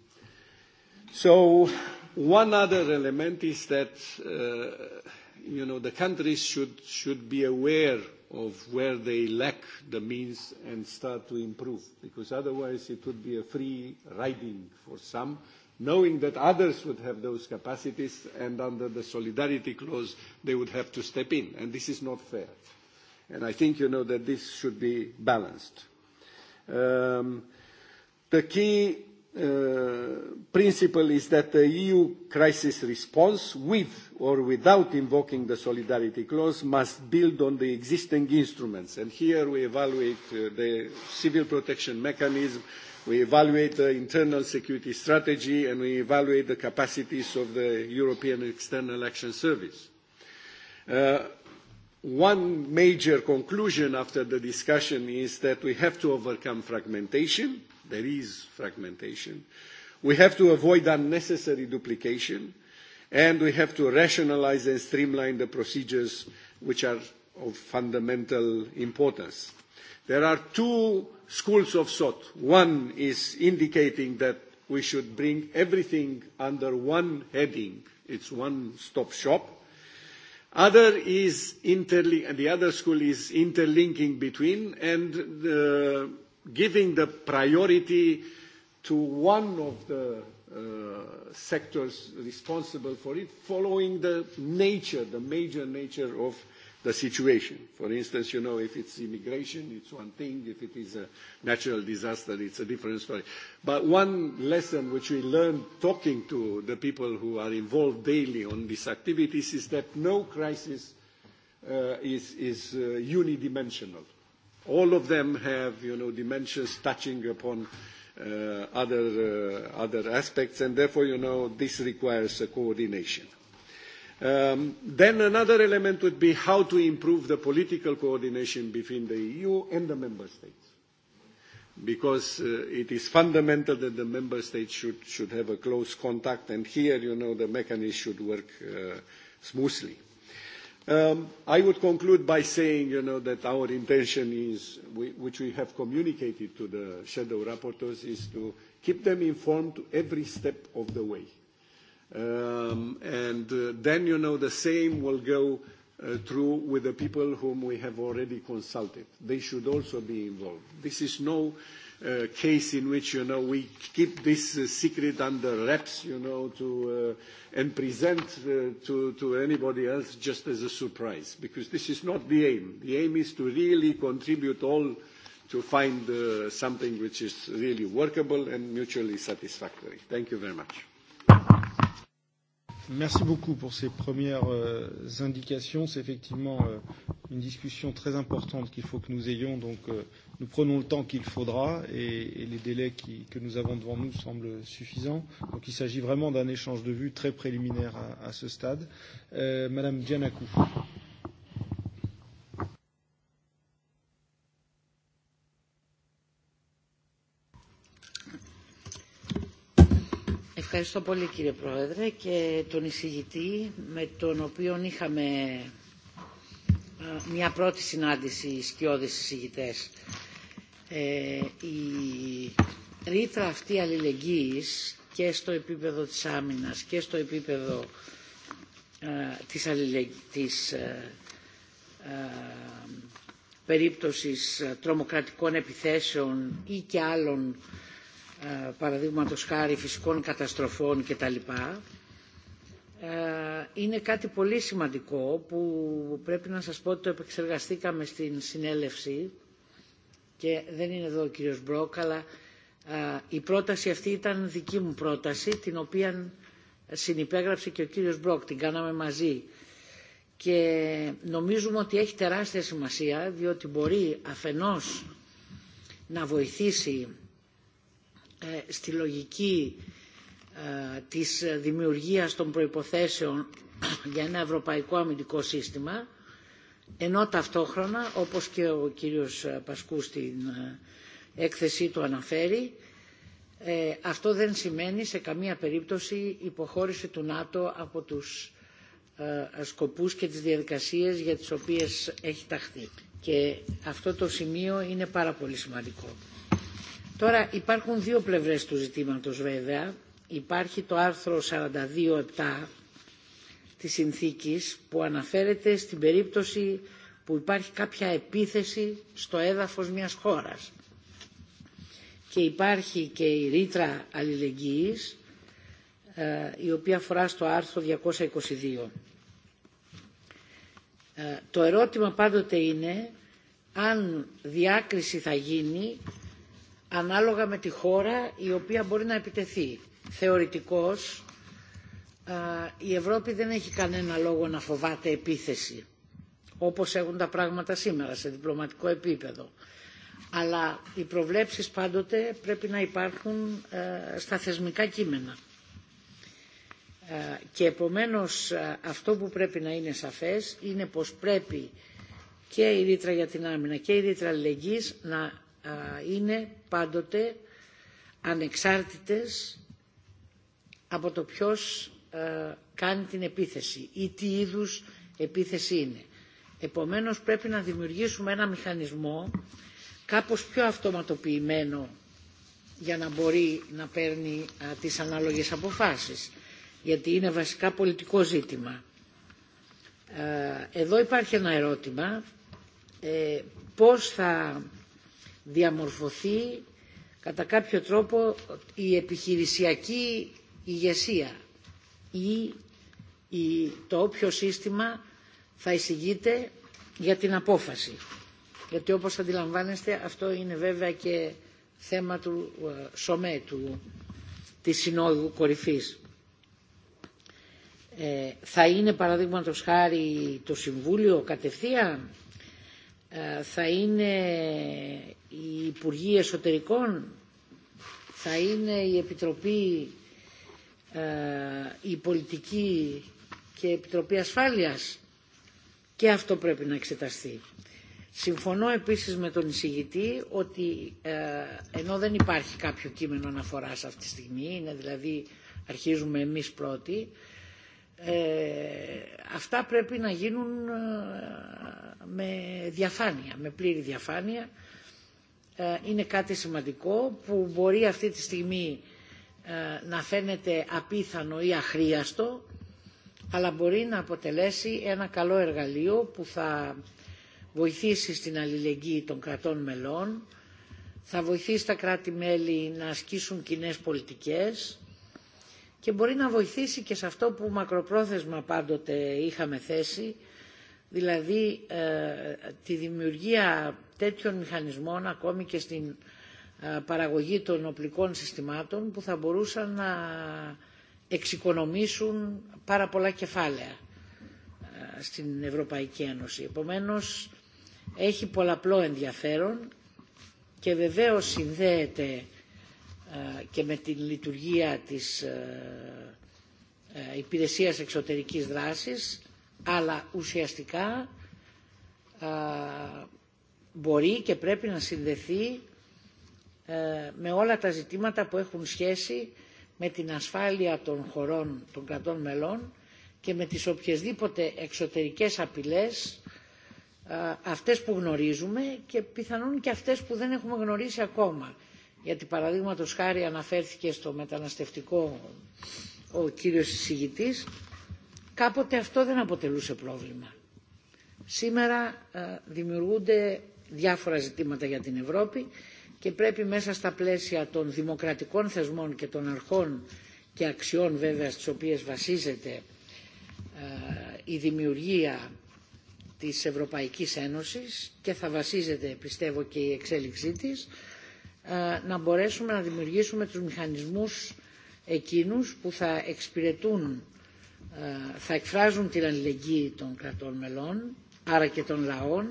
so one other element is that uh, you know the countries should should be aware of where they lack the means and start to improve because otherwise it would be a free riding for some knowing that others would have those capacities and under the solidarity clause they would have to step in. And this is not fair. And I think you know that this should be balanced. Um, the key uh, principle is that the EU crisis response, with or without invoking the solidarity clause, must build on the existing instruments. And here we evaluate uh, the civil protection mechanism, We evaluate the internal security strategy and we evaluate the capacities of the European External Action Service. Uh, one major conclusion after the discussion is that we have to overcome fragmentation. There is fragmentation. We have to avoid unnecessary duplication and we have to rationalise and streamline the procedures which are of fundamental importance. There are two schools of thought. One is indicating that we should bring everything under one heading. It's one-stop shop. Other is and the other school is interlinking between and uh, giving the priority to one of the uh, sectors responsible for it, following the nature, the major nature of the situation. For instance, you know, if it's immigration, it's one thing. If it is a natural disaster, it's a different story. But one lesson which we learned talking to the people who are involved daily on these activities is that no crisis uh, is, is uh, unidimensional. All of them have, you know, dimensions touching upon uh, other, uh, other aspects, and therefore, you know, this requires a coordination. Um, then another element would be how to improve the political coordination between the EU and the member states, because uh, it is fundamental that the member states should, should have a close contact, and here, you know, the mechanism should work uh, smoothly. Um, I would conclude by saying, you know, that our intention is, we, which we have communicated to the shadow rapporteurs, is to keep them informed every step of the way Um, and uh, then, you know, the same will go uh, through with the people whom we have already consulted. They should also be involved. This is no uh, case in which, you know, we keep this uh, secret under wraps, you know, to, uh, and present uh, to, to anybody else just as a surprise, because this is not the aim. The aim is to really contribute all to find uh, something which is really workable and mutually satisfactory. Thank you very much. Merci beaucoup pour ces premières euh, indications. C'est effectivement euh, une discussion très importante qu'il faut que nous ayons. Donc, euh, nous prenons le temps qu'il faudra et, et les délais qui, que nous avons devant nous semblent suffisants. Donc, il s'agit vraiment d'un échange de vues très préliminaire à, à ce stade. Euh, Madame Giannakou. Ευχαριστώ πολύ κύριε Πρόεδρε και τον εισηγητή με τον οποίο είχαμε μια πρώτη συνάντηση σκιώδης εισηγητές. Ε, η ρήτρα αυτή αλληλεγγύης και στο επίπεδο της άμυνας και στο επίπεδο ε, της, αλληλεγ... της ε, ε, περίπτωσης τρομοκρατικών επιθέσεων ή και άλλων παραδείγματος χάρη φυσικών καταστροφών κτλ. Είναι κάτι πολύ σημαντικό που πρέπει να σας πω ότι το επεξεργαστήκαμε στην συνέλευση και δεν είναι εδώ ο κύριος Μπρόκ, αλλά η πρόταση αυτή ήταν δική μου πρόταση, την οποία συνυπέγραψε και ο κύριος Μπρόκ, την κάναμε μαζί. Και νομίζουμε ότι έχει τεράστια σημασία, διότι μπορεί αφενός να βοηθήσει στη λογική της δημιουργίας των προϋποθέσεων για ένα ευρωπαϊκό αμυντικό σύστημα, ενώ ταυτόχρονα, όπως και ο κύριος Πασκού στην έκθεσή του αναφέρει, αυτό δεν σημαίνει σε καμία περίπτωση υποχώρηση του ΝΑΤΟ από τους σκοπούς και τις διαδικασίες για τις οποίες έχει ταχθεί. Και αυτό το σημείο είναι πάρα πολύ σημαντικό. Τώρα υπάρχουν δύο πλευρές του ζητήματος βέβαια. Υπάρχει το άρθρο 42.7 της συνθήκης που αναφέρεται στην περίπτωση που υπάρχει κάποια επίθεση στο έδαφος μιας χώρας. Και υπάρχει και η ρήτρα αλληλεγγύης η οποία αφορά στο άρθρο 222. Το ερώτημα πάντοτε είναι αν διάκριση θα γίνει ανάλογα με τη χώρα η οποία μπορεί να επιτεθεί. Θεωρητικώς α, η Ευρώπη δεν έχει κανένα λόγο να φοβάται επίθεση όπως έχουν τα πράγματα σήμερα σε διπλωματικό επίπεδο. Αλλά οι προβλέψεις πάντοτε πρέπει να υπάρχουν ε, στα θεσμικά κείμενα. Ε, και επομένως αυτό που πρέπει να είναι σαφές είναι πως πρέπει και η ρήτρα για την άμυνα και η ρήτρα αλληλεγγύης να ε, είναι πάντοτε ανεξάρτητες από το ποιος ε, κάνει την επίθεση ή τι είδους επίθεση είναι. Επομένως πρέπει να δημιουργήσουμε ένα μηχανισμό κάπως πιο αυτοματοποιημένο για να μπορεί να παίρνει α, τις ανάλογες αποφάσεις γιατί είναι βασικά πολιτικό ζήτημα. Ε, εδώ υπάρχει ένα ερώτημα ε, πώς θα διαμορφωθεί κατά κάποιο τρόπο η επιχειρησιακή ηγεσία ή η, το όποιο σύστημα θα εισηγείται για την απόφαση. Γιατί όπως αντιλαμβάνεστε αυτό είναι βέβαια και θέμα του σωμέ, του, της Συνόδου Κορυφής. Ε, θα είναι παραδείγματος χάρη το Συμβούλιο κατευθείαν θα είναι οι Υπουργοί Εσωτερικών, θα είναι η Επιτροπή, η Πολιτική και η Επιτροπή Ασφάλειας. Και αυτό πρέπει να εξεταστεί. Συμφωνώ επίσης με τον εισηγητή ότι ε, ενώ δεν υπάρχει κάποιο κείμενο αναφοράς αυτή τη στιγμή, είναι δηλαδή αρχίζουμε εμείς πρώτοι, ε, αυτά πρέπει να γίνουν ε, με διαφάνεια, με πλήρη διαφάνεια. Ε, Είναι κάτι σημαντικό που μπορεί αυτή τη στιγμή ε, να φαίνεται απίθανο ή αχρίαστο, αλλά μπορεί να αποτελέσει ένα καλό εργαλείο που θα βοηθήσει στην αλληλεγγύη των κρατών μελών, θα βοηθήσει τα κράτη-μέλη να ασκήσουν κοινέ πολιτικές, και μπορεί να βοηθήσει και σε αυτό που μακροπρόθεσμα πάντοτε είχαμε θέσει, δηλαδή ε, τη δημιουργία τέτοιων μηχανισμών ακόμη και στην ε, παραγωγή των οπλικών συστημάτων που θα μπορούσαν να εξοικονομήσουν πάρα πολλά κεφάλαια ε, στην Ευρωπαϊκή Ένωση. Επομένως, έχει πολλαπλό ενδιαφέρον και βεβαίως συνδέεται και με την λειτουργία της υπηρεσίας εξωτερικής δράσης, αλλά ουσιαστικά μπορεί και πρέπει να συνδεθεί με όλα τα ζητήματα που έχουν σχέση με την ασφάλεια των χωρών των κρατών μελών και με τις οποιασδήποτε εξωτερικές απειλές αυτές που γνωρίζουμε και πιθανόν και αυτές που δεν έχουμε γνωρίσει ακόμα γιατί παραδείγματος χάρη αναφέρθηκε στο μεταναστευτικό ο κύριος εισηγητής, κάποτε αυτό δεν αποτελούσε πρόβλημα. Σήμερα ε, δημιουργούνται διάφορα ζητήματα για την Ευρώπη και πρέπει μέσα στα πλαίσια των δημοκρατικών θεσμών και των αρχών και αξιών βέβαια στις οποίες βασίζεται ε, η δημιουργία της Ευρωπαϊκής Ένωσης και θα βασίζεται πιστεύω και η εξέλιξή της, να μπορέσουμε να δημιουργήσουμε τους μηχανισμούς εκείνους που θα εξυπηρετούν, θα εκφράζουν την αλληλεγγύη των κρατών μελών, άρα και των λαών,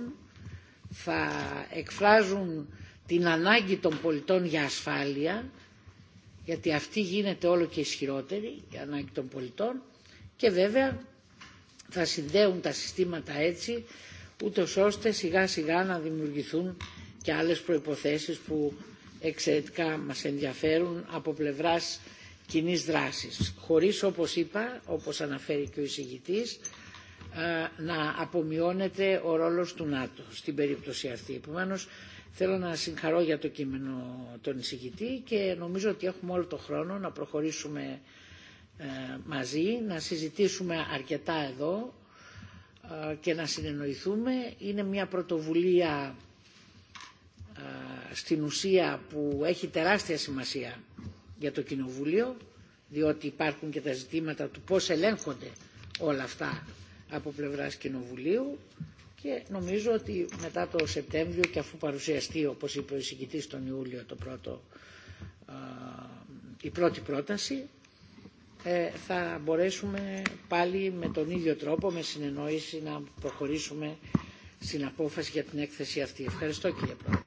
θα εκφράζουν την ανάγκη των πολιτών για ασφάλεια, γιατί αυτή γίνεται όλο και ισχυρότερη, η ανάγκη των πολιτών, και βέβαια θα συνδέουν τα συστήματα έτσι, ούτως ώστε σιγά σιγά να δημιουργηθούν και άλλες προϋποθέσεις που εξαιρετικά μας ενδιαφέρουν από πλευράς κοινή δράσης, χωρίς όπως είπα, όπως αναφέρει και ο εισηγητής, να απομειώνεται ο ρόλος του ΝΑΤΟ στην περίπτωση αυτή. Επομένω, θέλω να συγχαρώ για το κείμενο τον εισηγητή και νομίζω ότι έχουμε όλο το χρόνο να προχωρήσουμε μαζί, να συζητήσουμε αρκετά εδώ και να συνεννοηθούμε. Είναι μια πρωτοβουλία στην ουσία που έχει τεράστια σημασία για το Κοινοβούλιο, διότι υπάρχουν και τα ζητήματα του πώς ελέγχονται όλα αυτά από πλευράς Κοινοβουλίου και νομίζω ότι μετά το Σεπτέμβριο και αφού παρουσιαστεί, όπως είπε ο εισηγητής τον Ιούλιο, το πρώτο, ε, η πρώτη πρόταση, ε, θα μπορέσουμε πάλι με τον ίδιο τρόπο, με συνεννόηση, να προχωρήσουμε στην απόφαση για την έκθεση αυτή. Ευχαριστώ κύριε Πρόεδρε.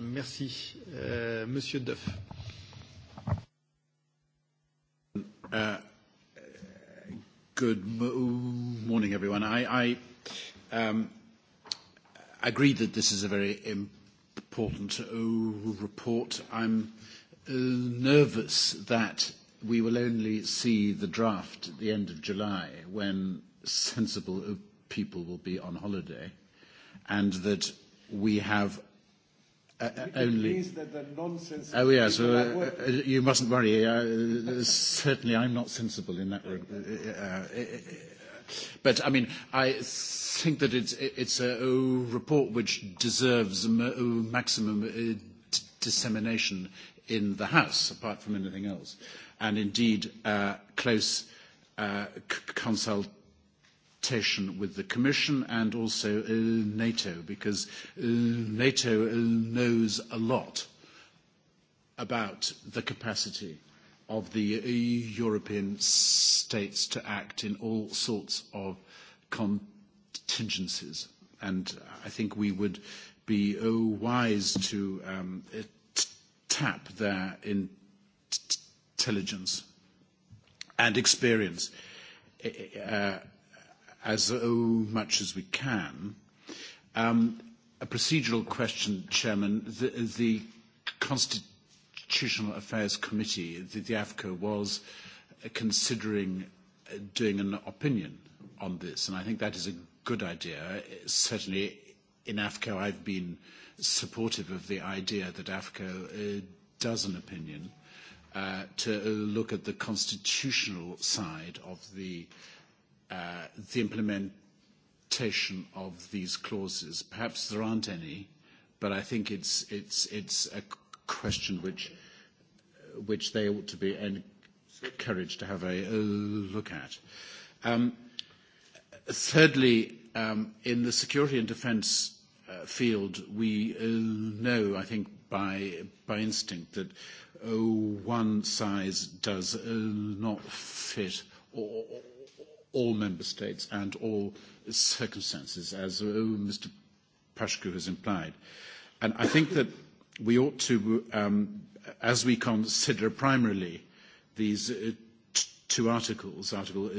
Merci. Euh, Monsieur Duff. Uh, good morning, everyone. I, I um, agree that this is a very important uh, report. I'm uh, nervous that we will only see the draft at the end of July when sensible people will be on holiday and that we have Uh, uh only. Please, the, Oh yes, uh, uh, you mustn't worry. Uh, uh, certainly, I'm not sensible in that. Uh, uh, but I mean, I think that it's it's a report which deserves maximum dissemination in the House, apart from anything else, and indeed uh, close uh, consultation consultation with the Commission and also uh, NATO, because uh, NATO uh, knows a lot about the capacity of the uh, European states to act in all sorts of contingencies. And I think we would be oh, wise to um, uh, tap their intelligence and experience uh, as uh, much as we can. Um, a procedural question, Chairman. The, the Constitutional Affairs Committee, the, the AFCO, was considering uh, doing an opinion on this, and I think that is a good idea. Certainly in AFCO, I've been supportive of the idea that AFCO uh, does an opinion uh, to uh, look at the constitutional side of the uh, uh, the implementation of these clauses. Perhaps there aren't any, but I think it's, it's, it's a question which, which they ought to be encouraged to have a, a look at. Um, thirdly, um, in the security and defence uh, field, we uh, know, I think, by, by instinct that oh, one size does uh, not fit all, all member states and all circumstances, as uh, Mr. Pashku has implied. And I think that we ought to, um, as we consider primarily these uh, two articles, Article uh,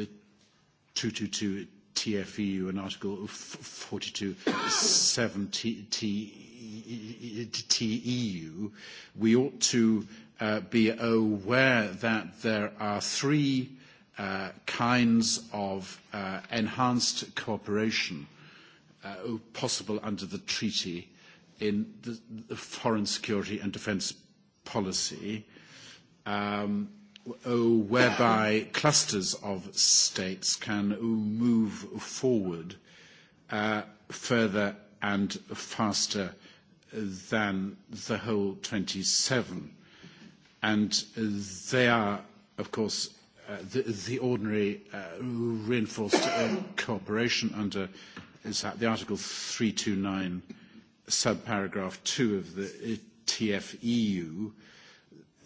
222 TFEU and Article 42.7 TEU, e, e we ought to uh, be aware that there are three Uh, kinds of uh, enhanced cooperation uh, possible under the treaty in the, the foreign security and defence policy, um, oh, whereby <coughs> clusters of states can move forward uh, further and faster than the whole 27. And they are, of course, Uh, the, the ordinary uh, reinforced uh, cooperation under is that the Article 329, subparagraph 2 of the uh, TFEU.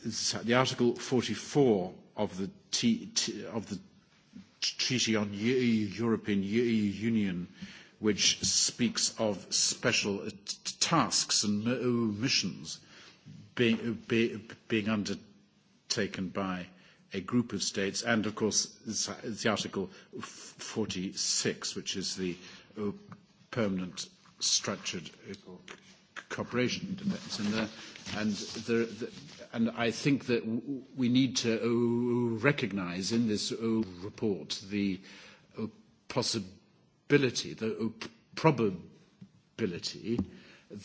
The Article 44 of the, T, T, of the Treaty on European Union, which speaks of special tasks and missions being, being undertaken by uh, a group of states, and of course it's the Article 46, which is the uh, permanent structured uh, cooperation defence. And, there, uh, and, there, and I think that we need to recognize in this report the possibility, the probability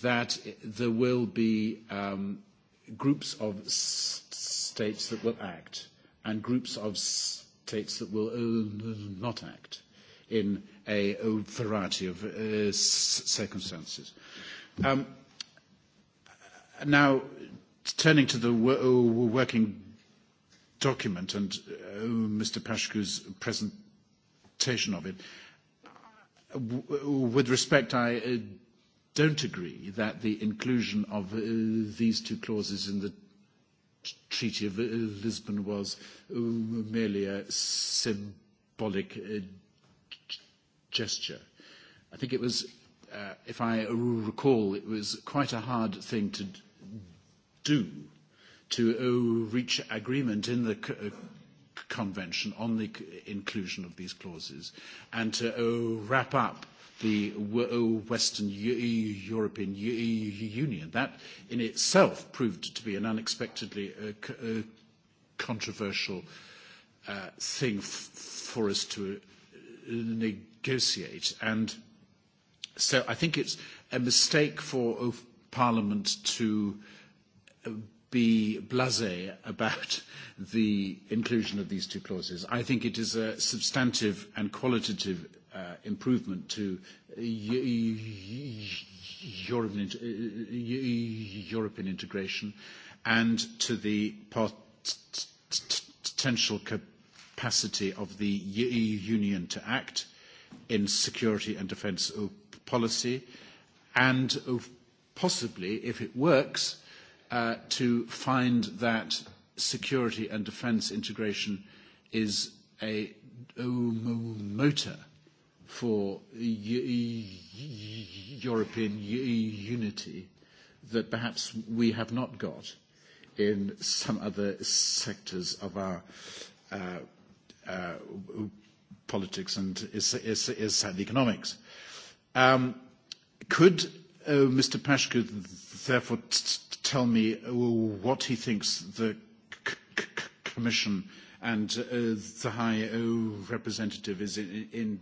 that there will be um, groups of states that will act and groups of states that will uh, not act in a variety of uh, circumstances. Um, now, turning to the working document and uh, Mr. Pashku's presentation of it, with respect, I uh, don't agree that the inclusion of uh, these two clauses in the Treaty of Lisbon was um, merely a symbolic uh, gesture. I think it was, uh, if I recall, it was quite a hard thing to do to uh, reach agreement in the uh, Convention on the inclusion of these clauses and to oh, wrap up the oh, Western e European e Union. That in itself proved to be an unexpectedly uh, uh, controversial uh, thing for us to negotiate. And so I think it's a mistake for Parliament to be blasé about <laughs> the inclusion of these two clauses. I think it is a substantive and qualitative uh, improvement to uh, European, uh, e-, European integration and to the potential capacity of the e-, Union to act in security and defence policy and possibly, if it works, uh, to find that security and defence integration is a, a motor for European unity that perhaps we have not got in some other sectors of our uh, uh, politics and is, is, is economics. Um, could Uh, oh, Mr. Pash therefore tell me uh, what he thinks the Commission and uh, the High uh, Representative is in, in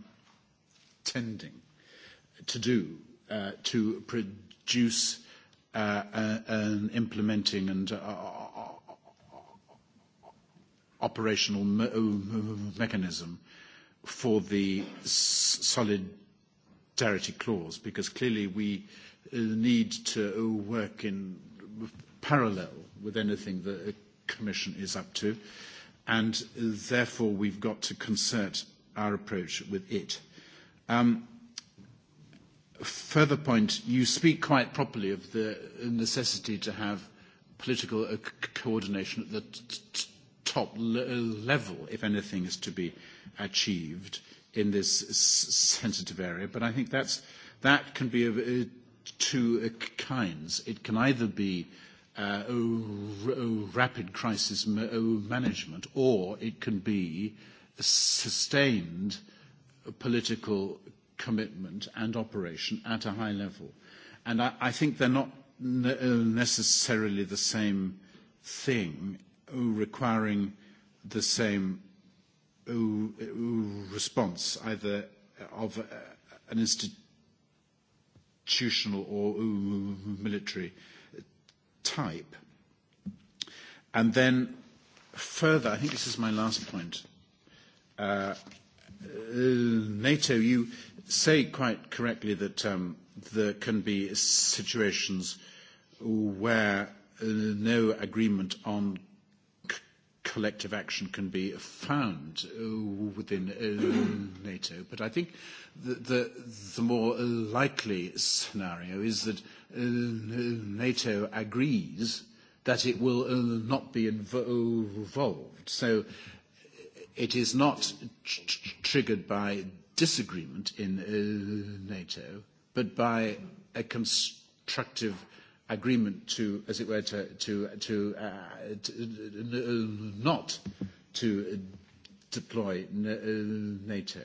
intending to do uh, to produce uh, an implementing and operational mechanism for the solidarity clause, because clearly we Uh, need to work in parallel with anything the Commission is up to, and therefore we've got to concert our approach with it. Um, further point, you speak quite properly of the necessity to have political uh, coordination at the t- t- top uh, level if anything is to be achieved in this sensitive area. But I think that's, that can be a two uh, kinds. It can either be uh, rapid crisis management, or it can be sustained political commitment and operation at a high level. And I, I think they're not uh, necessarily the same thing, requiring the same response, either of an institution institutional or military type. And then further, I think this is my last point. Uh, NATO, you say quite correctly that um, there can be situations where uh, no agreement on collective action can be found uh, within uh, NATO. But I think the, the, the more likely scenario is that uh, NATO agrees that it will not be involved. So it is not tr triggered by disagreement in NATO, but by a constructive agreement to, as it were, to, to, to, uh, to n- uh, not to deploy uh, NATO.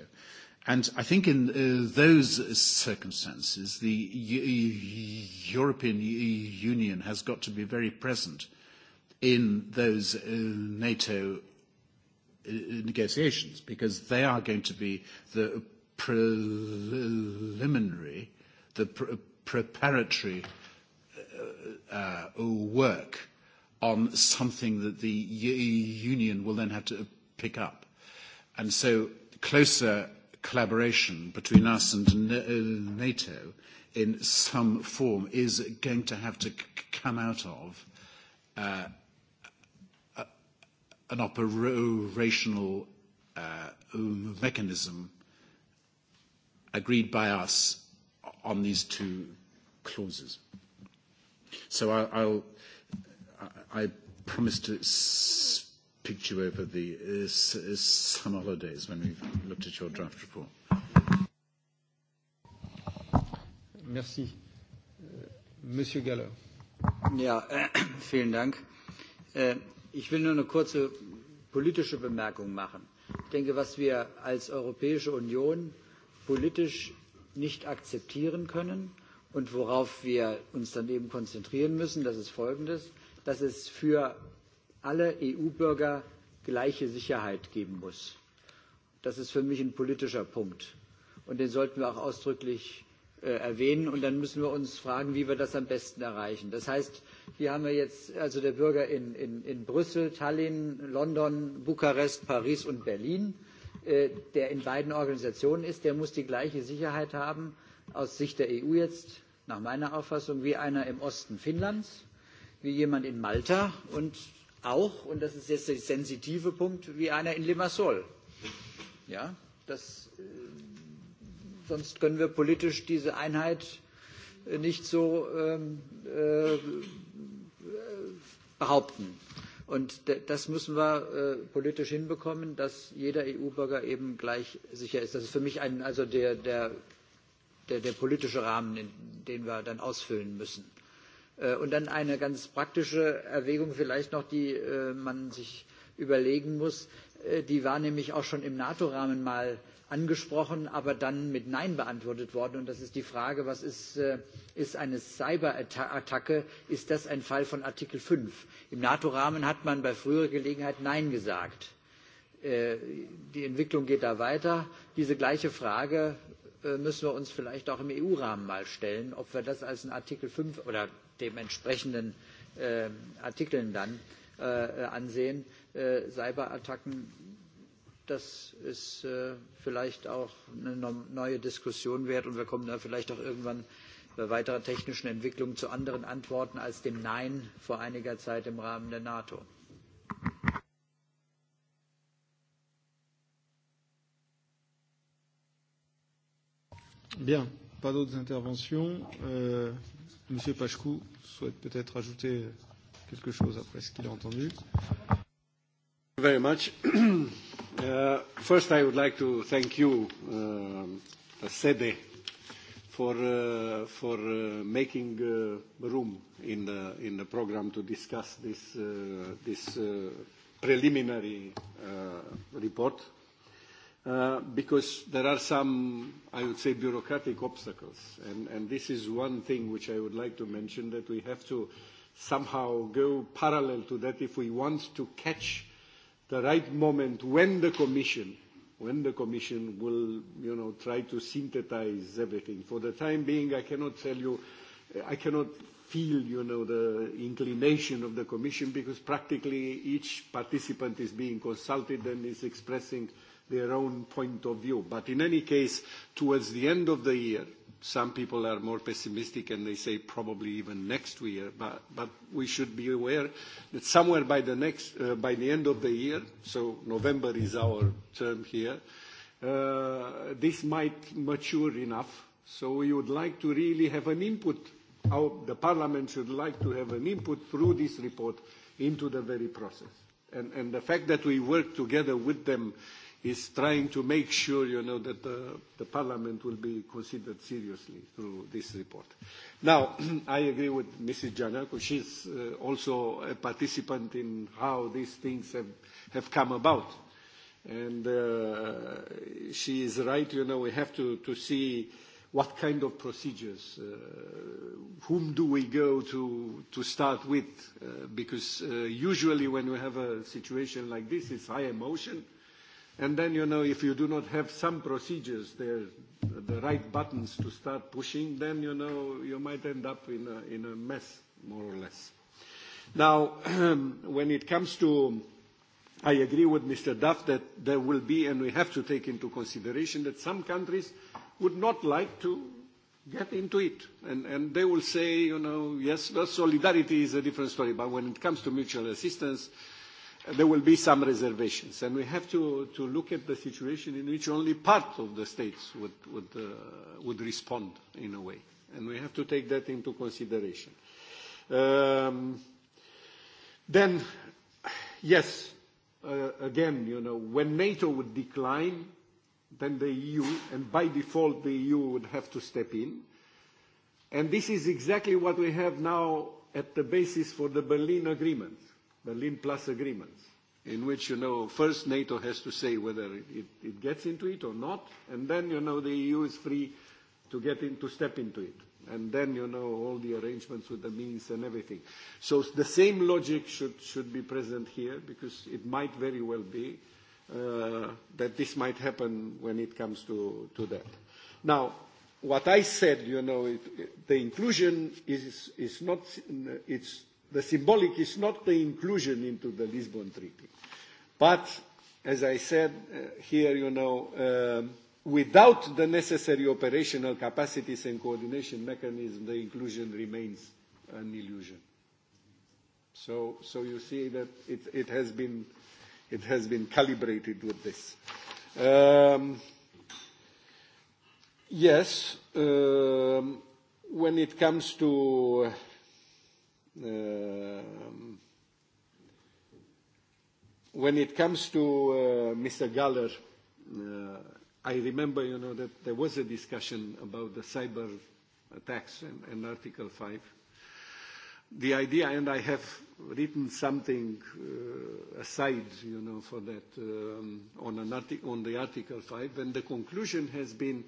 And I think in uh, those circumstances, the European Union has got to be very present in those uh, NATO negotiations because they are going to be the preliminary, the pr preparatory Uh, uh, work on something that the union will then have to uh, pick up. And so closer collaboration between us and uh, NATO in some form is going to have to come out of uh, an operational uh, mechanism agreed by us on these two clauses. So I'll, I'll I promise to speak to you over the uh, uh, summer holidays when we've looked at your draft report. Merci. Euh, Monsieur Galler. Ja, äh, <coughs> vielen Dank. Äh, ich will nur eine kurze politische Bemerkung machen. Ich denke, was wir als Europäische Union politisch nicht akzeptieren können, und worauf wir uns dann eben konzentrieren müssen, das ist Folgendes, dass es für alle EU-Bürger gleiche Sicherheit geben muss. Das ist für mich ein politischer Punkt. Und den sollten wir auch ausdrücklich äh, erwähnen. Und dann müssen wir uns fragen, wie wir das am besten erreichen. Das heißt, hier haben wir jetzt also der Bürger in, in, in Brüssel, Tallinn, London, Bukarest, Paris und Berlin, äh, der in beiden Organisationen ist. Der muss die gleiche Sicherheit haben aus Sicht der EU jetzt nach meiner Auffassung wie einer im Osten Finnlands, wie jemand in Malta und auch, und das ist jetzt der sensitive Punkt, wie einer in Limassol. Ja, das, äh, sonst können wir politisch diese Einheit äh, nicht so ähm, äh, behaupten. Und das müssen wir äh, politisch hinbekommen, dass jeder EU-Bürger eben gleich sicher ist. Das ist für mich ein, also der, der der, der politische Rahmen, den wir dann ausfüllen müssen. Äh, und dann eine ganz praktische Erwägung vielleicht noch, die äh, man sich überlegen muss. Äh, die war nämlich auch schon im NATO-Rahmen mal angesprochen, aber dann mit Nein beantwortet worden. Und das ist die Frage, was ist, ist eine Cyberattacke? Ist das ein Fall von Artikel 5? Im NATO-Rahmen hat man bei früherer Gelegenheit Nein gesagt. Die Entwicklung geht da weiter. Diese gleiche Frage Äh, müssen wir uns vielleicht auch im EU-Rahmen mal stellen, ob wir das als einen Artikel 5 oder dem entsprechenden äh, Artikeln dann äh, äh, ansehen. Äh, Cyberattacken, das ist äh, vielleicht auch eine neue Diskussion wert und wir kommen da vielleicht auch irgendwann bei weiterer technischen Entwicklung zu anderen Antworten als dem Nein vor einiger Zeit im Rahmen der NATO. Bien, pas d'autres interventions. Euh, Monsieur Pachkou souhaite peut-être ajouter quelque chose après ce qu'il a entendu. Very much. <clears throat> uh, first, I would like to thank you, uh, Sede, for uh, for uh, making uh, room in the in the program to discuss this uh, this uh, preliminary uh, report Uh, because there are some, I would say, bureaucratic obstacles. And, and this is one thing which I would like to mention that we have to somehow go parallel to that if we want to catch the right moment when the Commission, when the Commission will, you know, try to synthesize everything. For the time being, I cannot tell you, I cannot feel, you know, the inclination of the Commission because practically each participant is being consulted and is expressing their own point of view. But in any case, towards the end of the year, some people are more pessimistic and they say probably even next year, but, but we should be aware that somewhere by the, next, uh, by the end of the year, so November is our term here, uh, this might mature enough. So we would like to really have an input. Our, the Parliament should like to have an input through this report into the very process. And, and the fact that we work together with them is trying to make sure, you know, that the, the Parliament will be considered seriously through this report. Now, <clears throat> I agree with Mrs. Giannaco. She's uh, also a participant in how these things have, have come about. And uh, she is right, you know, we have to, to see what kind of procedures, uh, whom do we go to, to start with? Uh, because uh, usually when we have a situation like this, it's high emotion. Uh, And then, you know, if you do not have some procedures there, the right buttons to start pushing, then, you know, you might end up in a, in a mess, more or less. Now, <clears throat> when it comes to, I agree with Mr. Duff that there will be, and we have to take into consideration that some countries would not like to get into it. And, and they will say, you know, yes, well, solidarity is a different story, but when it comes to mutual assistance, there will be some reservations. And we have to, to look at the situation in which only part of the states would, would, uh, would respond in a way. And we have to take that into consideration. Um, then, yes, uh, again, you know, when NATO would decline, then the EU, and by default the EU would have to step in. And this is exactly what we have now at the basis for the Berlin Agreement Berlin Plus agreements, in which, you know, first NATO has to say whether it, it, gets into it or not, and then, you know, the EU is free to get in, to step into it. And then, you know, all the arrangements with the means and everything. So the same logic should, should be present here, because it might very well be uh, that this might happen when it comes to, to that. Now, what I said, you know, it, it, the inclusion is, is not, it's The symbolic is not the inclusion into the Lisbon Treaty. But, as I said uh, here, you know, uh, without the necessary operational capacities and coordination mechanism, the inclusion remains an illusion. So, so you see that it, it, has been, it has been calibrated with this. Um, yes, um, when it comes to uh, Um, when it comes to uh, Mr. Galler, uh, I remember, you know, that there was a discussion about the cyber attacks and, and Article 5. The idea, and I have written something uh, aside, you know, for that um, on, an on the Article 5, and the conclusion has been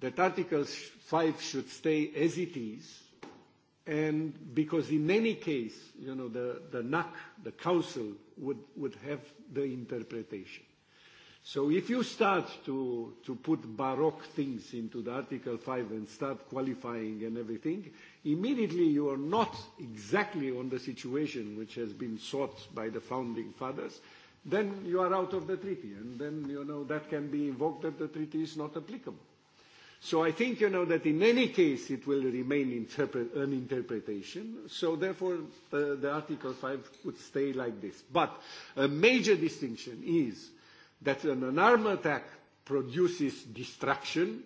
that Article 5 should stay as it is, and because in any case, you know, the, the NAC, the council, would, would have the interpretation. So if you start to, to put baroque things into the Article 5 and start qualifying and everything, immediately you are not exactly on the situation which has been sought by the founding fathers, then you are out of the treaty, and then, you know, that can be invoked that the treaty is not applicable. So I think, you know, that in any case it will remain interpret, an interpretation. So therefore, the Article 5 would stay like this. But a major distinction is that an, an attack produces destruction,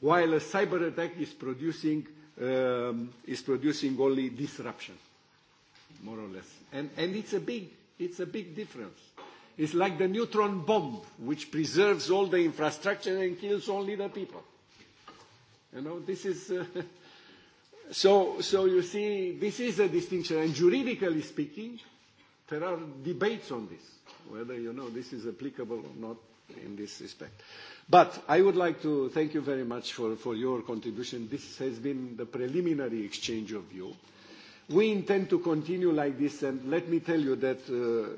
while a cyber attack is producing, um, is producing only disruption, more or less. And, and it's, a big, it's a big difference. It's like the neutron bomb, which preserves all the infrastructure and kills only the people. You know, this is. Uh, <laughs> so, so you see, this is a distinction. And juridically speaking, there are debates on this, whether, you know, this is applicable or not in this respect. But I would like to thank you very much for, for your contribution. This has been the preliminary exchange of view. We intend to continue like this, and let me tell you that uh,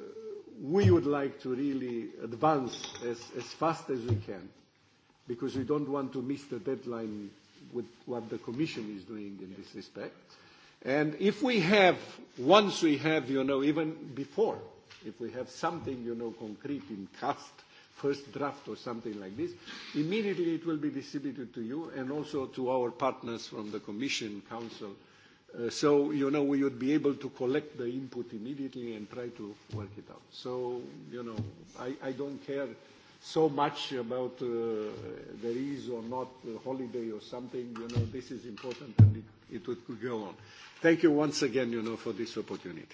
we would like to really advance as, as fast as we can, because we don't want to miss the deadline with what the Commission is doing in this respect. And if we have, once we have, you know, even before, if we have something, you know, concrete in cast, first draft or something like this, immediately it will be distributed to you and also to our partners from the Commission, Council. Uh, so, you know, we would be able to collect the input immediately and try to work it out. So, you know, I, I don't care so much about uh, there is or not a holiday or something. You know, this is important and it, it would go on. Thank you once again, you know, for this opportunity.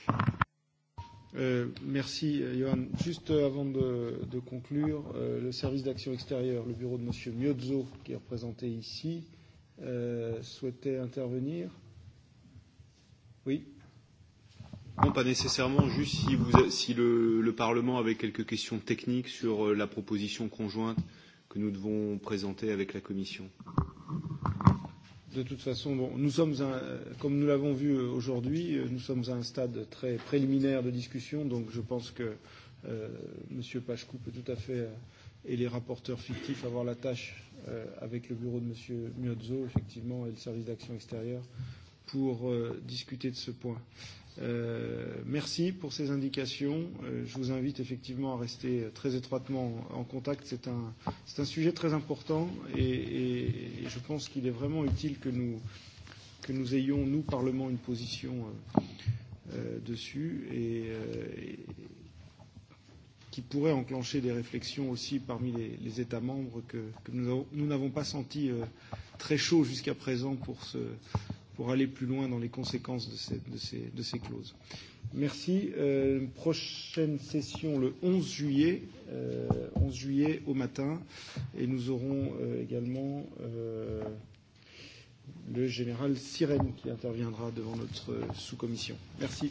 Euh, merci, Johan. Juste avant de, de conclure, euh, le service d'action extérieure, le bureau de M. Miozzo, qui est représenté ici, euh, souhaitait intervenir. Oui. Non, pas nécessairement. Juste si, vous, si le, le Parlement avait quelques questions techniques sur euh, la proposition conjointe que nous devons présenter avec la Commission. De toute façon, bon, nous sommes un, euh, comme nous l'avons vu euh, aujourd'hui, nous sommes à un stade très préliminaire de discussion, donc je pense que euh, M. Pachkou peut tout à fait, euh, et les rapporteurs fictifs, avoir la tâche euh, avec le bureau de M. Miozzo, effectivement, et le service d'action extérieure, pour euh, discuter de ce point. Euh, Euh, merci pour ces indications. Euh, je vous invite effectivement à rester très étroitement en contact. C'est un, un sujet très important et, et, et je pense qu'il est vraiment utile que nous, que nous ayons, nous, Parlement, une position euh, euh, dessus et, euh, et qui pourrait enclencher des réflexions aussi parmi les, les États membres que, que nous n'avons pas senti euh, très chaud jusqu'à présent pour ce pour aller plus loin dans les conséquences de ces, de ces, de ces clauses. Merci. Euh, prochaine session le 11 juillet, euh, 11 juillet au matin, et nous aurons euh, également euh, le général Sirène qui interviendra devant notre euh, sous-commission. Merci.